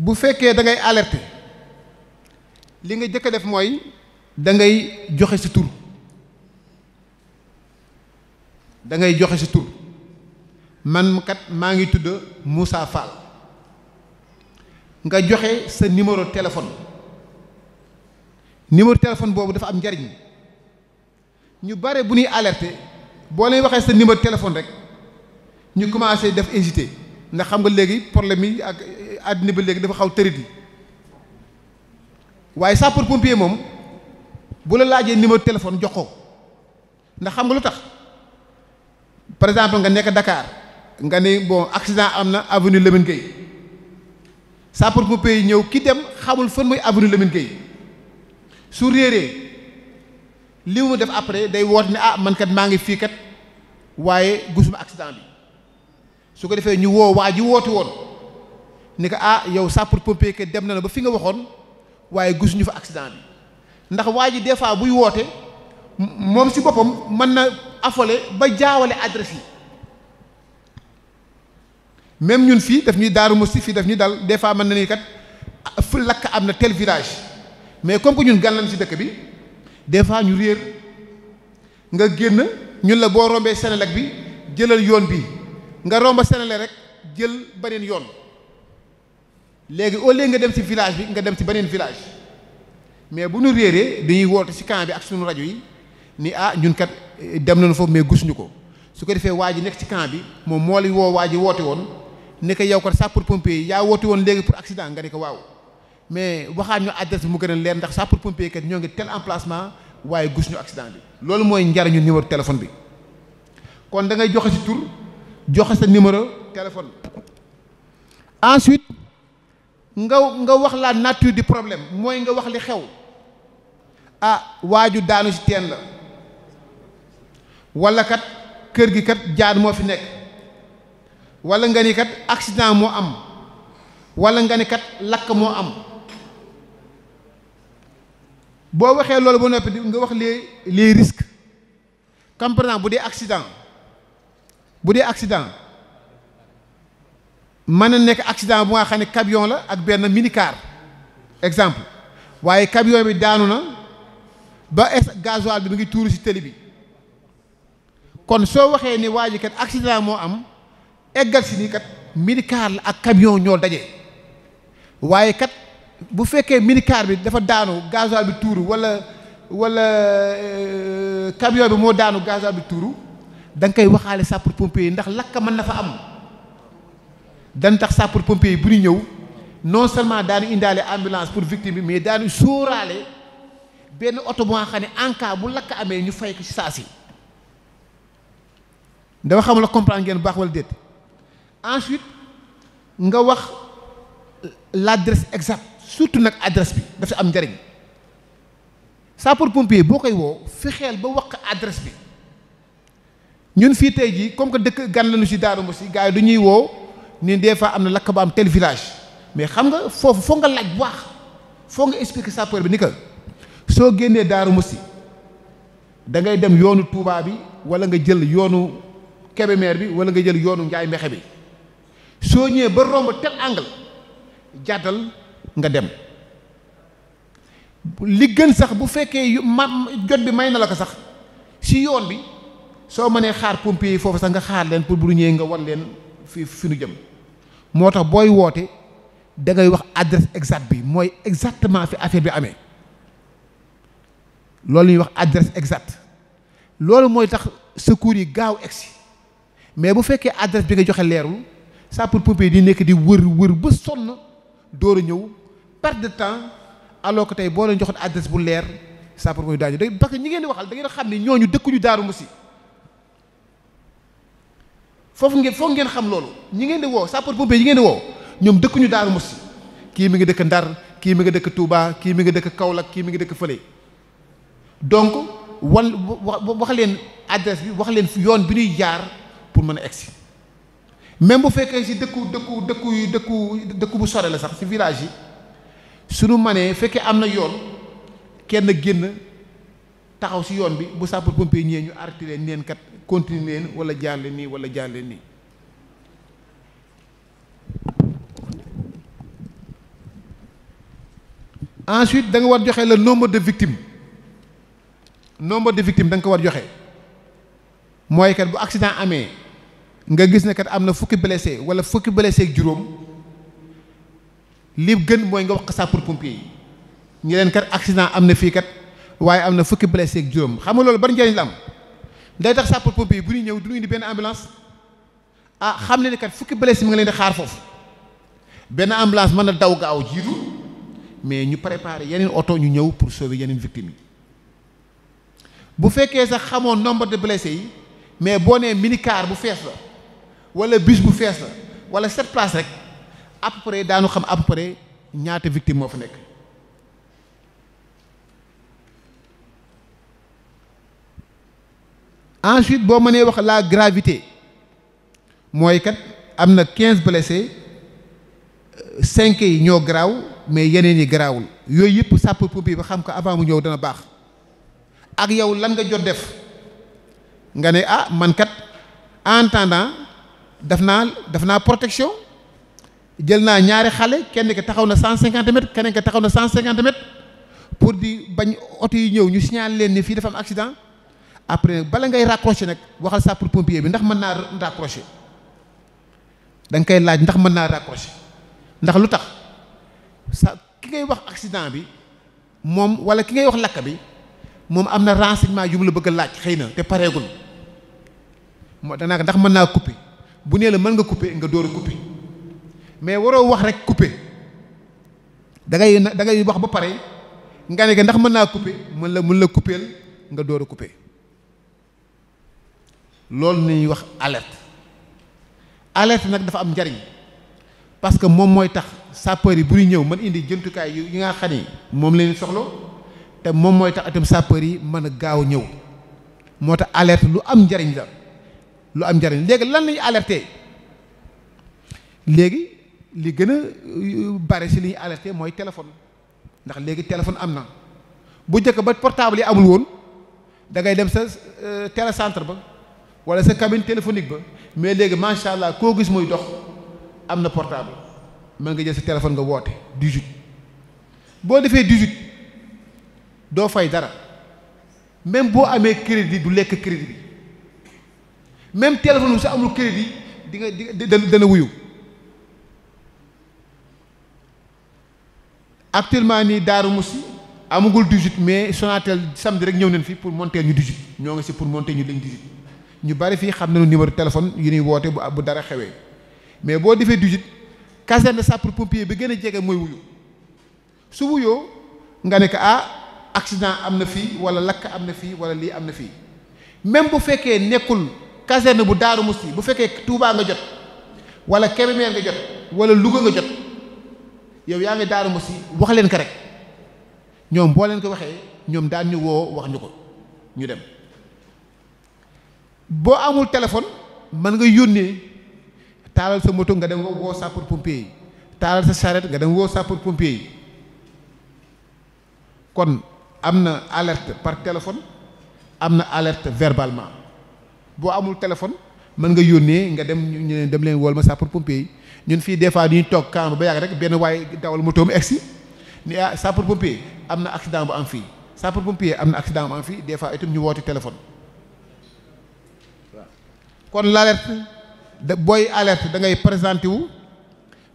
bu fekkee da ngay alerter li nga jëkk a def mooy da ngay joxe si tur dangay joxe si tur man kat maa ngi tudd Moussa Fall nga joxe sa numéro téléphone numéro téléphone boobu dafa am njariñ ñu bare bu ñuy alerte boo leen waxee sa numéro téléphone rek ñu commencé def hésiter ndax xam nga léegi problème yi àddina bi léegi dafa xaw tëridi waaye sapeur pompier moom bu la laajee numéro téléphone jox ko ndax xam nga lu tax par exemple nga nekk dakaar nga ne bon accident am na avenue Lamine Gueye sapeur ñëw ki dem xamul fan mooy avenue Lamine Gueye su réeree li mu def après day woot ne ah man kat maa ngi fii kat waaye gisuma accident bi su ko defee ñu woo waa ji woote woon ni ko ah yow sapeur pompier que dem na la ba fi nga waxoon waaye gisuñu fa accident bi ndax waa ji des fois buy woote moom si boppam mën na affolé ba jaawale adresse yi même ñun fii daf ñuy daaru musti fii daf ñuy dal des fois mën na ni kat ah, fu lakk am na tel mais comme que ñun gan lañ si dëkk bi des fois ñu réer nga génn ñun la boo rombee Senelec bi jëlal yoon bi nga romba Senelec rek jël beneen yoon léegi au lieu nga dem ci village bi nga dem ci beneen village mais bu ñu réeree dañuy woote ci camp bi ak suñu rajo yi ni ah ñun kat eh, dem nañu foofu mais gisuñu ko su ko defee waa ji nekk ci camp bi moom moo la woo waa ji woote woon ne ko yow ko sapeur pompier yi yaa woote woon léegi pour accident nga ne ko waaw mais waxaat ñu adresse bi mu gën a leer ndax sapeur pompier kat ñoo ngi tel emplacement waaye gisuñu accident bi. loolu mooy njariñu numéro téléphone bi kon da ngay joxe ci tur joxe sa numéro téléphone ensuite. nga nga wax la nature di problème mooy nga wax li xew ah waaju daanu ci teen la wala kat kër gi kat jaan moo fi nekk wala nga ni kat accident moo am walla nga ni kat lakk moo am boo waxee loolu ba noppi nga wax les les risques comme bu dee accident bu dee accident mën na nekk accident bu nga xam ne camion la ak benn minicar exemple waaye camion bi daanu na ba es gasoil bi mu ngi tuuru ci tëli bi kon soo waxee ni waa ji kat accident moo am eggal si ni kat minicar la ak camion ñoo daje waaye kat bu fekkee minicar bi dafa daanu gasoil bi tuuru walla walla euh, camion bi moo daanu gasoil bi tuuru da koy waxaale sapeur pompier yi ndax lakk mën na fa am dañ tax sapeur pompier yi bu ñu ñëw non seulement daanu indaale ambulance pour victime bi mais daanu sóoraale benn oto boo xam ne en bu lakk amee ñu fay ko ci saa si dama xam la comprendre ngeen baax wala déet ensuite nga wax l'adresse exacte surtout nag adresse bi dafa am njariñ sapeur pompier boo koy woo fi xeel ba wax adresse bi ñun fii tey jii comme que dëkk gan lañu si Darou Mousty yi du ñuy woo. ni des fois am na lakk bu am tel mais xam nga foofu foo nga laaj bu baax foo nga expliquer sapeur bi ni que soo génnee Daaru Musi da ngay dem yoonu Touba bi wala nga jël yoonu Kébémer bi wala nga jël yoonu Njaay Mbexe bi soo ñëwee ba romb tel angle jàddal nga dem li gën sax bu fekkee ma jot bi may na la ko sax si yoon bi soo mënee xaar pompier yi foofu sax nga xaar leen pour bu ñëwee nga war leen fi fi nu jëm moo tax booy woote da ngay wax adresse exacte bi mooy exactement fi affaire bi amee loolu ñuy wax adresse exacte loolu mooy tax secours yi gaaw egsi mais bu fekkee adresse bi nga joxe leerul sapeurs-pompiers di nekk di wër wër ba sonn door a ñëw perte de temps alors que tey boo leen joxoon adresse bu leer sapeurs-pompiers daañu day parce que ñi ngeen di waxal da ngeen xam ni ñooñu dëkkuñu Daaru si foofu ngeen foog ngeen xam loolu ñi ngeen di woo sapeurs-pompiers yi ngeen di woo ñoom dëkkuñu Daaru Muxti kii mi ngi dëkk Ndar kii mi ngi dëkk Touba kii mi ngi dëkk Kaolack kii mi ngi dëkk fële donc wan wax leen adresse bi wax leen yoon bi ñuy jaar pour mën a egsi même bu fekkee si dëkku dëkku dëkku dëkku dëkku bu sore la sax si village yi suñu manee fekkee am na yoon kenn génn taxaw si yoon bi bu sapeurs-pompiers ñee ñu arrêté leen continuer leen wala jaar leen nii wala jaar leen nii ensuite danga war joxe le nombre de victimes nombre de victimes da nga ko war joxe mooy kat bu accident amee nga gis ne kat am na fukki blessé wala fukki blessé ak juróom li gën mooy nga wax sapeur pompier yi ñu leen kat accident am na fii kat waaye am na fukki blessé ak juróom xam nga loolu ban njëriñ la am. day tax sapeur pompier bu ñuy ñëw du ñu indi benn ambulance ah xam ne ni kat fukki blessé mi nga leen di xaar foofu benn ambulance mën a daw gaaw jiitu mais ñu préparer yeneen oto ñu ñëw pour sauver yeneen victimes yi bu fekkee sax xamoon nombre de blessés yi mais boo nee mini car bu fees la wala bis bu fees la wala set places rek à peu près daanu xam à peu près ñaata victime moo fa nekk. ensuite boo mënee wax laa gravité mooy kat am na quinze blessés euh, cinq yi ñoo garaaw mais yeneen yi garaawul yooyu yëpp sapeurs-pompiers ba xam ko avant mu ñëw dana baax ak yow lan nga jot def nga ne ah man kat en attendant def naa def naa protection jël naa ñaari xale kenn ki taxaw na cent cinquante mètres keneen ki taxaw na cent cinquante mètres pour di bañ oto yu ñëw ñu signal leen ni fii dafa am accident après bala ngay raccroché nag waxal sapeur pompier bi ndax mën naa raccroché da nga koy laaj ndax mën naa raccroché ndax lu tax sa ki ngay wax accident bi moom wala ki ngay wax lakk bi moom am na renseignement yu mu la bëgg laaj xëy na te pareegul moo danaa ndax mën naa couper bu nee la mën nga couper nga door a couper mais waroo wax rek couper da ngay da ngay wax ba pare nga ne ndax mën naa couper mën la mën la couper nga door a loolu ñuy wax alerte alerte nag dafa am njariñ parce que moom mooy tax sapeur yi bu ñu ñëw man indi jëntukaay yu yi nga xam ni moom leen soxla te moom mooy tax itam sapeur yi mën a gaaw ñëw moo tax alerte lu am njariñ la lu am njariñ léegi lan lañu alerté léegi li gën a bare si li ñu alerté mooy téléphone ndax léegi téléphone am na bu njëkk ba portable yi amul woon da ngay dem sa euh, télécentre ba wala sa cabine téléphonique ba mais léegi macha allah koo gis muy dox am na portable mën nga jël si téléphone nga woote 18 boo defee 18 doo fay dara même boo amee crédit du lekk crédit bi même téléphone bu sa amul crédit di nga di dana dana wuyu actuellement nii Daaru Musi amagul 18 mais Sonatel samedi rek ñëw nañ fii pour monter ñu 18 ñoo ngi si pour monter ñu liñ ñu bari fii xam nañu numéro téléphone yu ñuy woote bu bu dara xewee mais boo defee du digit caserne de sapeur pompier bi gën a jege mooy wuyu su wuyoo nga ne ko ah accident am na fii wala lakk am na fii wala lii am na fii même bu fekkee nekkul caserne bu Daaru Musti bu fekkee Touba nga jot wala Kébémer nga jot wala Louga nga jot yow yaa ngi Daaru Musti wax leen ko rek ñoom boo leen ko waxee ñoom daan ñu woo wax ñu ko ñu dem boo amul téléphone mën nga yónnee taalal sa moto nga dem woo sapeur pompier yi taalal sa charrette nga dem woo sapeur pompier yi kon am na alerte par téléphone am na alerte verbalement boo amul téléphone mën nga yónnee nga dem ñu ñu dem leen wool ma sapeur pompier yi ñun fii des fois duñu toog camp ba yàgg rek benn waay dawal motoom egsi ni ah sapeur pompier am na accident bu am fii sapeur pompier am na accident bu am fii des fois itam ñu woote téléphone kon l'alerte da booy alerte da ngay présenté wu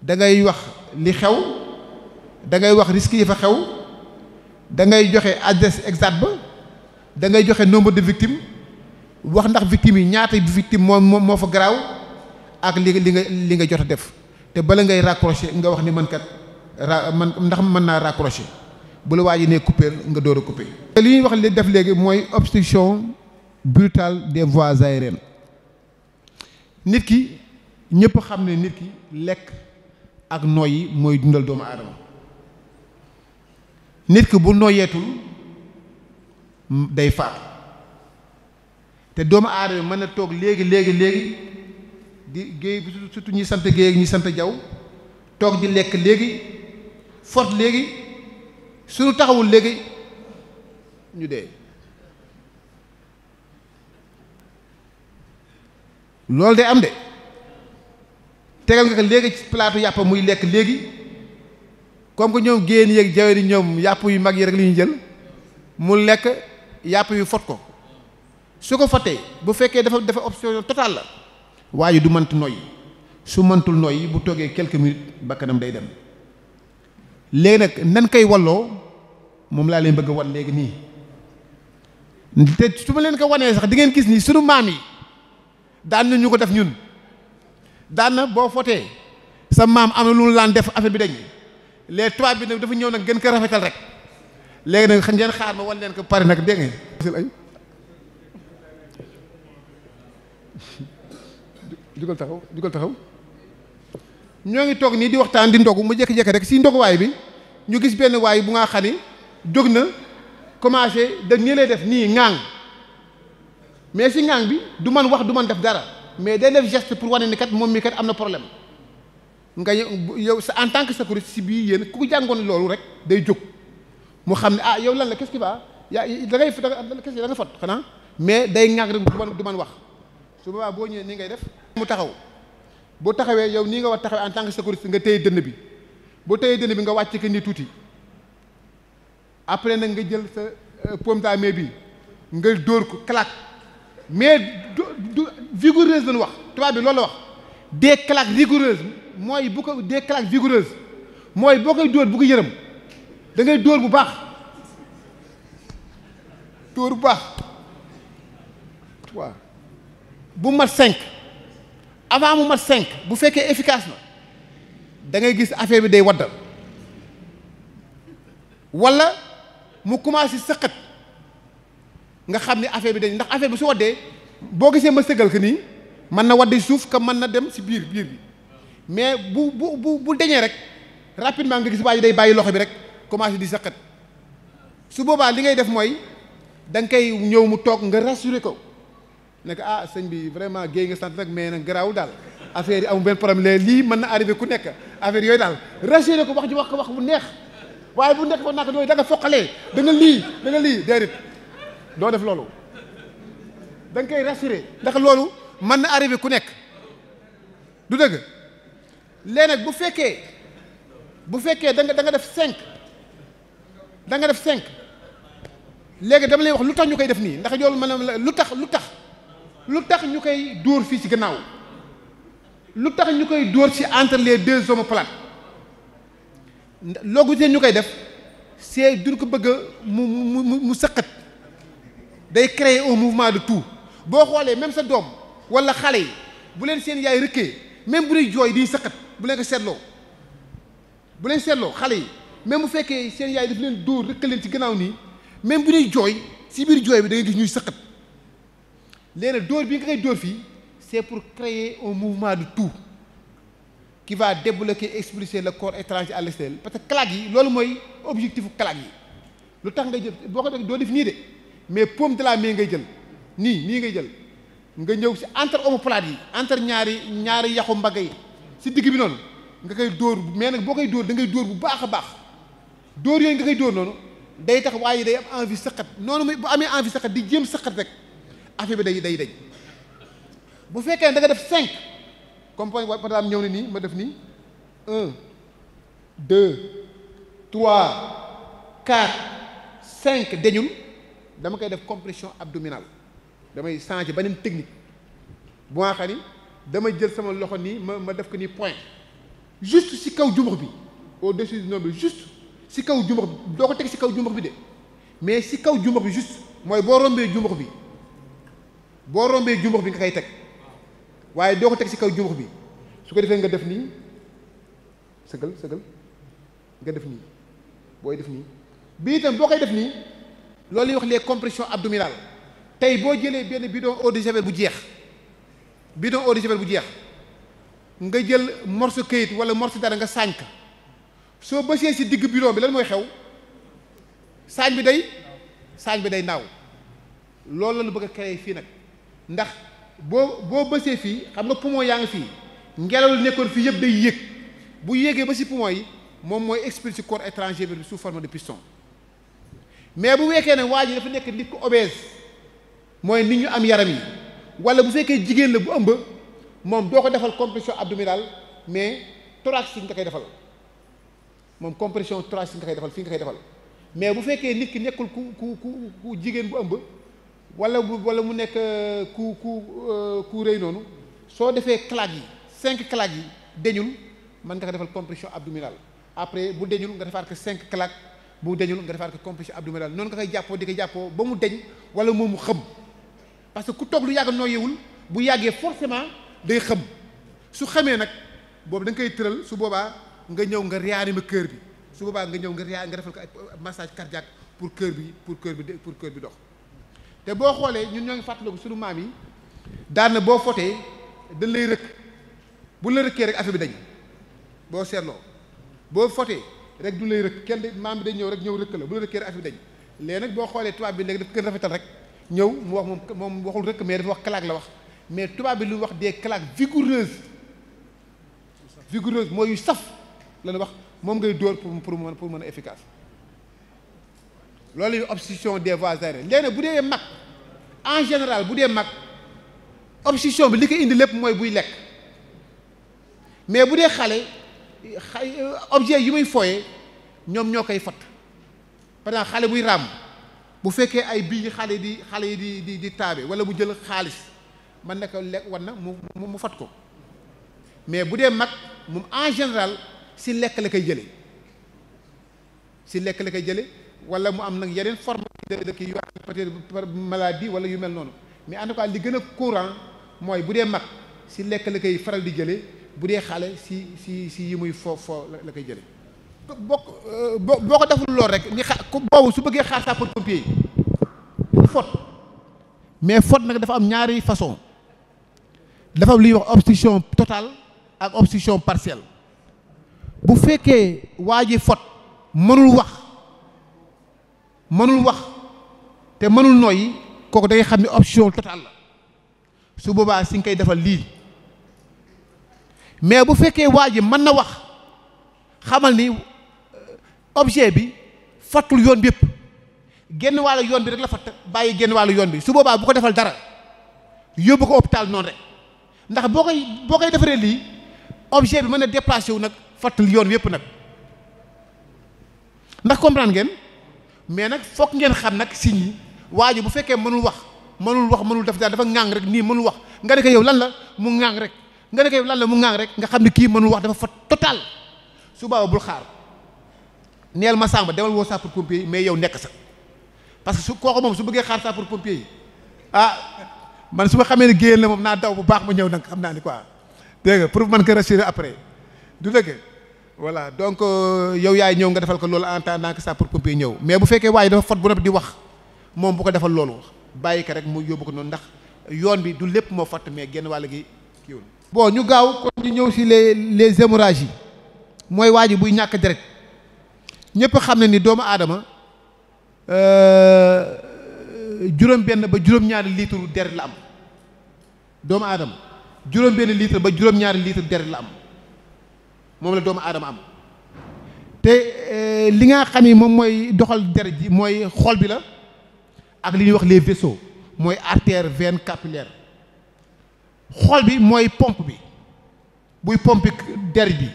da ngay wax li xew da ngay wax risques yi fa xew da ngay joxe adresse exacte ba da ngay joxe nombre de victimes wax ndax victimes yi ñaata victime moo moo fa garaaw ak li li nga li nga jot a def te bala ngay raccrocher nga wax ni man kat ra man ndax mën naa raccrocher bu la waa ji nga door a te li ñuy wax li def léegi mooy obstruction brutale des voies aériennes. nit ki ñëpp xam ne nit ki lekk ak noyyi mooy dundal doomu aadama nit ki bu noyeetul day faatu te doomu aadama mën na toog léegi léegi léegi di géey su ñi sant géey ak ñi sant jaw toog di lekk léegi fot léegi suñu taxawul léegi ñu dee loolu de am de tegal nga ko léegi ci plateau yàpp muy lekk léegi comme que ñoom génn yeeg jaweri ñoom yàpp yu mag yi rek li ñu jël mu lekk yàpp yu fot ko su ko fattee bu fekkee dafa dafa option totale la waaye du mënt noyyi su mëntul noyyi bu toogee quelques minutes bakkanam day dem léegi nag nan koy walloo moom laa leen bëgg a wan léegi nii te su ma leen ko wanee sax di ngeen gis ni sunu maam yi daan na ñu ko def ñun daan na boo footee sa maam am na lu mu laan def affaire bi dañ les trois bi nag dafa ñëw nag gën ko rafetal rek léegi nag ngeen xaar ma wan leen ko pare nag dégg ngeen ay jugal taxaw jugal taxaw ñoo ngi toog nii di waxtaan di ndogu mu jékki-jékki rek si ndoguwaay bi ñu gis benn waay bu nga xani jóg na commencé da nii lay def nii ŋaang mais si ngang bi du man wax du man def dara mais day def geste pour wane ni kat moom mi kat am na problème nga yow sa en tant que secouriste si bii yéen ku jàngoon loolu rek day jóg mu xam ne ah yow lan la kes ce qui va yaa da ngay da nga fot xanaa mais day ngang rek du man du wax su boobaa boo ñëwee nii ngay def mu taxaw boo taxawee yow nii nga war taxawee en tant que secouriste nga téye dënn bi boo téye dënn bi nga wàcc ko nii tuuti après nag nga jël sa pom de main bi nga dóor ko claque mais du vigoureuse lañu wax tubaab bi loolu la wax des claques rigoureuses mooy bu ko des claques vigoureuses mooy boo koy dóor bu ko yërëm da ngay dóor bu baax dóor bu baax trois bu mat cinq avant mu mat cinq bu fekkee efficace na da ngay gis affaire bi day waddal wala mu commencé sëqat nga xam ni affaire bi dañ ndax affaire bi su waddee boo gisee ma sëgal ko nii mën na wadde suuf que mën na dem si biir biir bi mais bu bu bu bu deñee rek rapidement nga gis waa ji day bàyyi loxo bi rek commencé di sëqat su boobaa li ngay def mooy da koy ñëw mu toog nga rassuré ko nekk ah sëñ bi vraiment géey nga sant nag mais nag garaawul daal affaire yi amul benn problème léegi lii mën na arrivé ku nekk affaire yooyu daal rassuré ko wax ji wax ko wax bu neex waaye bu nekk fa naka yooyu da nga foqalee da nga lii da doo def loolu da koy rassurer ndax loolu mën na arrivé ku nekk du dëgg léegi nag bu fekkee bu fekkee da nga da nga def cinq da nga def cinq léegi dama lay wax lu tax ñu koy def nii ndax yoolu maanaam la lu tax lu tax lu tax ñu koy dóor fii ci gannaaw lu tax ñu koy dóor ci entre les deux omoplates loogu teen ñu koy def c'est duñ ko bëgg a mu mu mu sëqat day créer un mouvement de tout boo xoolee même sa doom wala xale yi bu leen seen yaay rëkkee même bu ñuy jooy di sëqat bu leen ko seetloo bu leen seetloo xale yi même bu fekkee seen yaay daf leen dóor rëkka leen ci gannaaw nii même bu ñuy jooy si biir jooy bi da ngay ñuy sëqat léegi nag dóor bi nga koy dóor fii c'est pour créer un mouvement de tout qui va débloquer expulser le corps étranger à l'extérieur parce que claque yi loolu mooy objectifu claque yi lu tax nga jël boo ko def doo def nii de mais paume de la main ngay jël nii nii ngay jël nga ñëw si entre omoplate yi entre ñaari ñaari yaxu mbagg yi si digg bi noonu nga koy dóor mais nag boo koy dóor da ngay dóor bu baax a baax dóor yooyu nga koy dóor noonu day tax waaye day am envie sëqat noonu bu amee envie sëqat di jéem sëqat rek affaire bi day day dañ bu fekkee da nga def cinq comme par am ñëw na nii ma def nii un deux trois cinq dañul dama koy def compression abdominale damay changer beneen technique bu ma xam ni damay jël sama loxo nii ma ma def ko nii point juste si kaw jumbax bi au-dessus du nombril juste si kaw jumbax bi doo ko teg si kaw jumbax bi de mais si kaw jumbax bi juste mooy boo rombee jumbax bi boo rombee jumbax bi nga koy teg waaye doo ko teg si kaw jumbax bi su ko defee nga def nii sëgal sëgal nga def nii booy def nii bii itam boo koy def nii. loolu yi wax les compressions abdominales tey boo jëlee benn bidon eau de javel bu jeex bidon eau de javel bu jeex nga jël morse këyit wala morceau dara nga saañ ka soo bësee si digg bidon bi lan mooy xew saañ bi day saañ bi day naaw loolu la ñu bëgg a créer fii nag ndax boo boo bësee fii xam nga poumon yaa ngi fii ngelaw li nekkoon fii yëpp day yéeg bu yéegee ba si poumon yi moom mooy expulsé corps étranger bi sous forme de piston mais bu wekkee ne waa ji dafa nekk nit ku obèse mooy nit ñu am yaram yi wala bu fekkee jigéen la bu ëmb moom doo ko defal compression abdominale mais thoracique nga koy defal moom compression thoracique nga koy defal fii nga koy defal mais bu fekkee nit ki nekkul ku ku ku ku jigéen bu ëmb wala bu wala mu nekk euh, ku ku euh, ku rëy noonu soo defee claque yi cinq claque yi deñul mën nga ko defal compression abdominale après bu deñul nga defaat ko cinq claque bu deñul nga defaat ko complice abdominal noonu nga koy jàppoo di ko jàppoo ba mu deñ wala moom mu xëm parce que ku toog lu yàgg nooyewul bu yàggee forcément day xëm su xamee nag boobu da koy tëral su boobaa nga ñëw nga réanimer kër bi su boobaa nga ñëw nga réa nga defal ko massage cardiaque pour cœur bi pour cœur bi pour cœur bi dox te boo xoolee ñun ñoo ngi fàttaliku suñu maam yi daan boo footee dañ lay rëkk bu la rëkkee rek affaire bi dañ boo seetloo boo fotee rek du lay rëkk kenn maam bi day ñëw rek ñëw rëkk la bu la rëkkee rek affaire bi dañ léegi nag boo xoolee tubaab bi léegi daf kër rafetal rek ñëw mu wax moom moom waxul rëkk mais dafa wax claque la wax mais tubaab bi lu wax des claques vigoureuses vigoureuse mooy yu saf la ñu wax moom ngay dóor pour pour mën pour mën a efficace loolu yu obstruction des voies aériennes léegi bu dee mag en général bu dee mag obstruction bi li ko indi lépp mooy buy lekk mais bu dee xale xay objet yi muy fooye ñoom ñoo koy fatt par exemple xale buy ràmb bu fekkee ay bii xale di xale yi di di di taabe wala mu jël xaalis man na lekk war na mu mu fat ko mais bu dee mag moom en général si lekk la koy jële si lekk la koy jële wala mu am nag yeneen forme de kii yu peut-être maladie wala yu mel noonu mais en tout li gën a courant mooy bu dee mag si lekk la koy faral di jële bu dee xale si si si yi muy fo fo la koy jële bokk euh, boo ko deful lool rek ni xa boobu su bëggee xaar sapeur-pompier yi fot mais fot nag dafa am ñaari façon dafa am li wax obstruction total ak obstruction partielle bu fekkee waa ji fot mënul wax mënul wax te mënul nooyi kooku da xam ne obstruction total la su boobaa si nga koy defal lii mais bu fekkee waa ji mën na wax xamal ni euh, objet bi fattul yoon bépp genn wàllu yoon bi rek la fatt bàyyi genn wàllu yoon bi su boobaa bu ko defal dara yóbbu ko hôpital noonu rek ndax boo koy boo koy defaree lii objet bi mën na déplacé wu nag fattul yoon yépp nag ndax comprendre ngeen mais nag foog ngeen xam nag signe yi waa ji bu fekkee mënul wax mënul wax mënul def daal dafa ŋàng rek nii mënul wax nga ne ko yow lan la mu ŋàng rek nga ne ko la mu ŋaang rek nga xam ne kii mënul wax dafa fa total su booba bul xaar neel ma sàmba demal woo sapeur pompier mais yow nekk sa parce que su kooku moom su bëggee xaar sapeur pompier yi ah ma xamee ne géyéen la moom naa daw bu baax ma ñëw nag xam naa ni quoi dégg nga pour man ko rassurer après du dëgg voilà donc euh, yow yaay ñëw nga defal ko loolu en tant que pour pompier ñëw mais bu fekkee waaye dafa fot bu noppi di wax moom bu ko defal loolu wax bàyyi ko rek mu yóbbu ko noonu ndax yoon bi du lépp moo fott mais genn wàll gi kiiwul bon ñu gaaw kon ñu ñëw si le les hémorragies yi mooy waa buy ñàkk deret ñëpp xam ne ni doomu aadama euh, juróom benn ba juróom litre deret la am doomu aadama juróom benn litre ba juróom-ñaari litre deret la am moom la doomu aadama am te euh, li nga xam yi moom mooy doxal deret ji mooy xol bi la ak li ñuy wax les vaisseaux mooy artère veine capillaire xol bi mooy pompe bi buy pompe der bi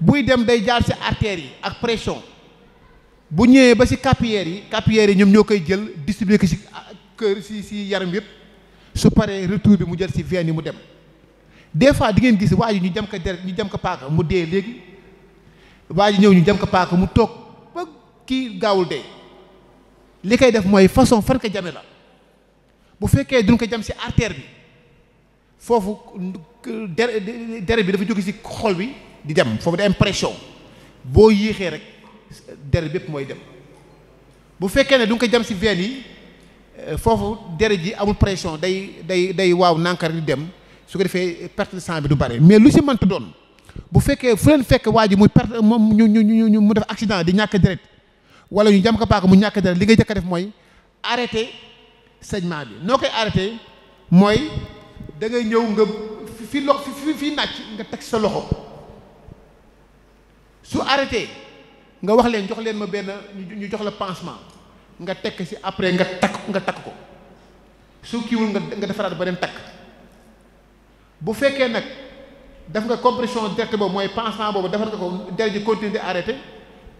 buy dem day jaar ci artères yi ak pression bu ñëwee ba ci capillaires yi capillaires yi ñoom ñoo koy jël distribuer ko ci ah, kër ci ci yaram yëpp su paree retour bi mu jël ci veine yi mu dem des fois di ngeen gis waa ji ñu jam ko deret ñu jam ko paaka mu dee léegi waa ji ñëw ñu jam ko paaka mu toog ba kii gaawul dee li koy def mooy façon fan ko jame la bu fekkee duñ ko jam ci artère bi foofu dere dere bi dafa jóge ci xol bi di dem foofu day am pression boo yéexee rek dere bépp mooy dem bu fekkee ne du nga ko jam si veine yi euh, foofu dere ji amul pression day day day waaw nankar di dem su ko defee perte de bi du bare mais lu si mënta doon bu fekkee fu leen fekk waa ji muy perte moom ñu ñu ñu ñu mu def accident di ñàkk deret wala ñu jam ko paaka mu ñàkk deret li ngay jëkk def mooy arrêté saignement bi noo koy arrêté mooy. da ngay ñëw nga fi lox fi fi nàcc nga teg sa loxo su arrêté nga wax leen jox leen ma benn ñu jox la pansement nga tekk si après nga takk nga takk ko su kiiwul nga nga defaraat beneen takk bu fekkee nag def nga compression directe boobu mooy pansement boobu defar nga ko der ji continuer di arrêté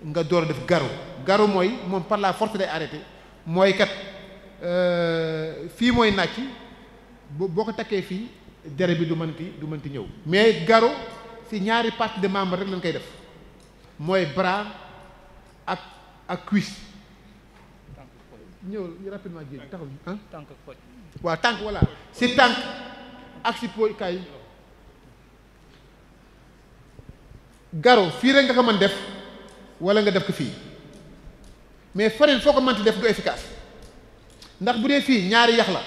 nga door a def garu garu mooy moom par la force de arrêté mooy kat euh, fii mooy nàcc boo ko takkee fii dere bi du mënti du ti ñëw mais garo si ñaari parti de membre rek lañ koy def mooy bras ak ak cuisse ñëw rapidement ji taxaw ah waaw tànk voilà si tànk ak si pooj kaay garo fii rek nga ko mën def wala nga def ko fii mais farine foo ko mënti def du efficace ndax bu dee fii ñaari yax la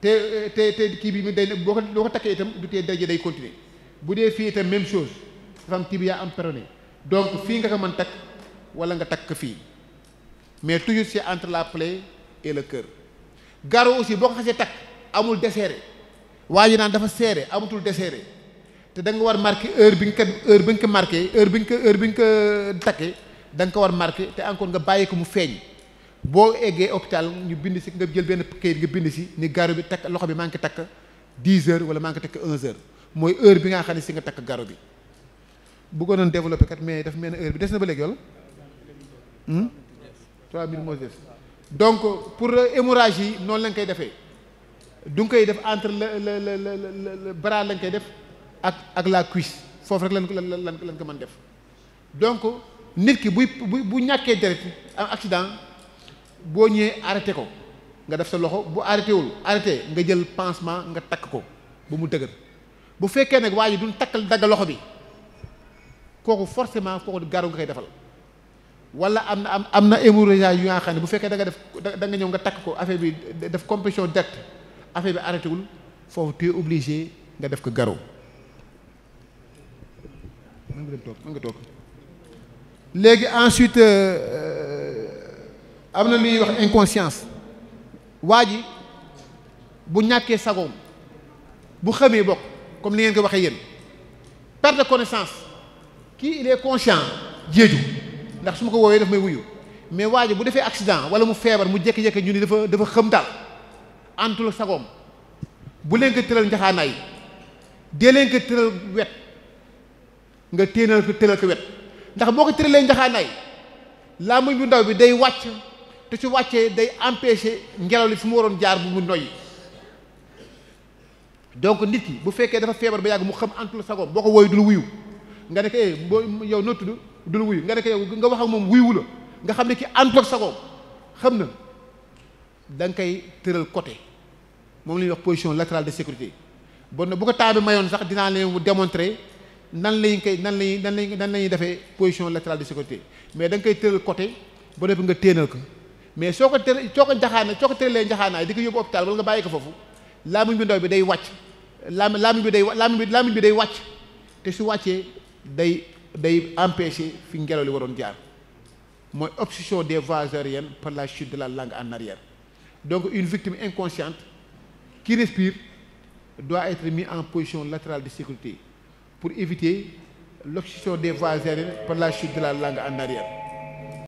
te te te kii bi mi day boo ko boo ko takkee itam du tee daraja day continuer bu dee fii itam même chose dafa am tibia am péroné donc fii nga ko mën takk wala nga takk fii mais toujours c'est entre la plaie et le cœur garrot aussi boo ko xasee takk amul desserré waa ji naan dafa serré amatul desserré te da nga war marqué heure bi nga ko heure bi nga ko marqué heure bi nga ko heure bi nga ko takkee da nga ko war marqué te encore nga bàyyi ko mu feeñ boo eggee hôpital ñu bind si nga jël benn kayit nga bind si ni garo bi takk loxo bi maa ngi takk dix heures wala maa ngi takk onze heures mooy heure bi nga xam ne si nga takk garo bi bëggoon nañ développé kat mais daf mel ne heure bi des na ba léegi yow la hmm? trois minutes donc pour hémorragie yi noonu la koy defee du nga koy def entre la la la le bras la koy def ak ak la cuisse foofu rek lan lan lan ko mën def donc nit ki buy bu bu ñàkkee deret am accident boo ñëwee arrêté ko nga def sa loxo bu arrêté wul arrêté nga jël pansement nga takk ko bu mu dëgër bu fekkee nag waa ji duñ takkal dagg loxo bi kooku forcément kooku garu nga koy defal wala am na am am na hémorragie yu nga xam ne bu fekkee da nga def da nga ñëw nga takk ko affaire bi def compression direct affaire bi arrêté wul foofu tu es obligé nga def ko garrot mën nga nga toog léegi ensuite. Euh, am na lu ñuy wax inconscience waa ji bu ñàkkee sagoom bu xamee bokk comme ni ngeen ko waxee yéen perte de connaissance kii il est conscient ndax su ma ko woowee daf may wuyu mais waa ji bu defee accident wala mu feebar mu jékki-jékki ñu ni dafa dafa xëm daal antul sagoom bu leen ko tëral njaxaanaay dee leen ko tëral wet nga téenal ko tëral ko wet ndax boo ko tëralee njaxaanaay laa muñ bu ndaw bi day wàcc te su wàccee day empêcher ngelaw li fu mu waroon jaar bu mu noyyi donc nit ki bu fekkee dafa feebar ba yàgg mu xam antul sagoom boo ko wooyu dul wuyu nga ne ko eh boo yow noo du dul wuyu nga ne ko nga wax ak moom wuyuwu la nga xam ne ki antul sagoom xam na da koy tëral côté moom la wax position latérale de sécurité bon na bu ko temps mayoon sax dinaa leen démontrer nan lañ koy nan lañ nan lañ nan lañuy defee position latérale de sécurité mais da koy tëral côté ba noppi nga téenal ko mais soo ko tere soo ko jaxaana soo ko terelee njaxaanaay di ko yóbbu hôpital wala nga bàyyi ko foofu laamuñ bi ndaw bi day wàcc laam laamuñ bi day laamuñ bi laamuñ bi day wàcc te su wàccee day day empêcher fi ngelaw li waroon jaar mooy obstruction des voies aériennes par la chute de la langue en arrière donc une victime inconsciente qui respire doit être mise en position latérale de sécurité pour éviter l'obstruction des voies aériennes par la chute de la langue en arrière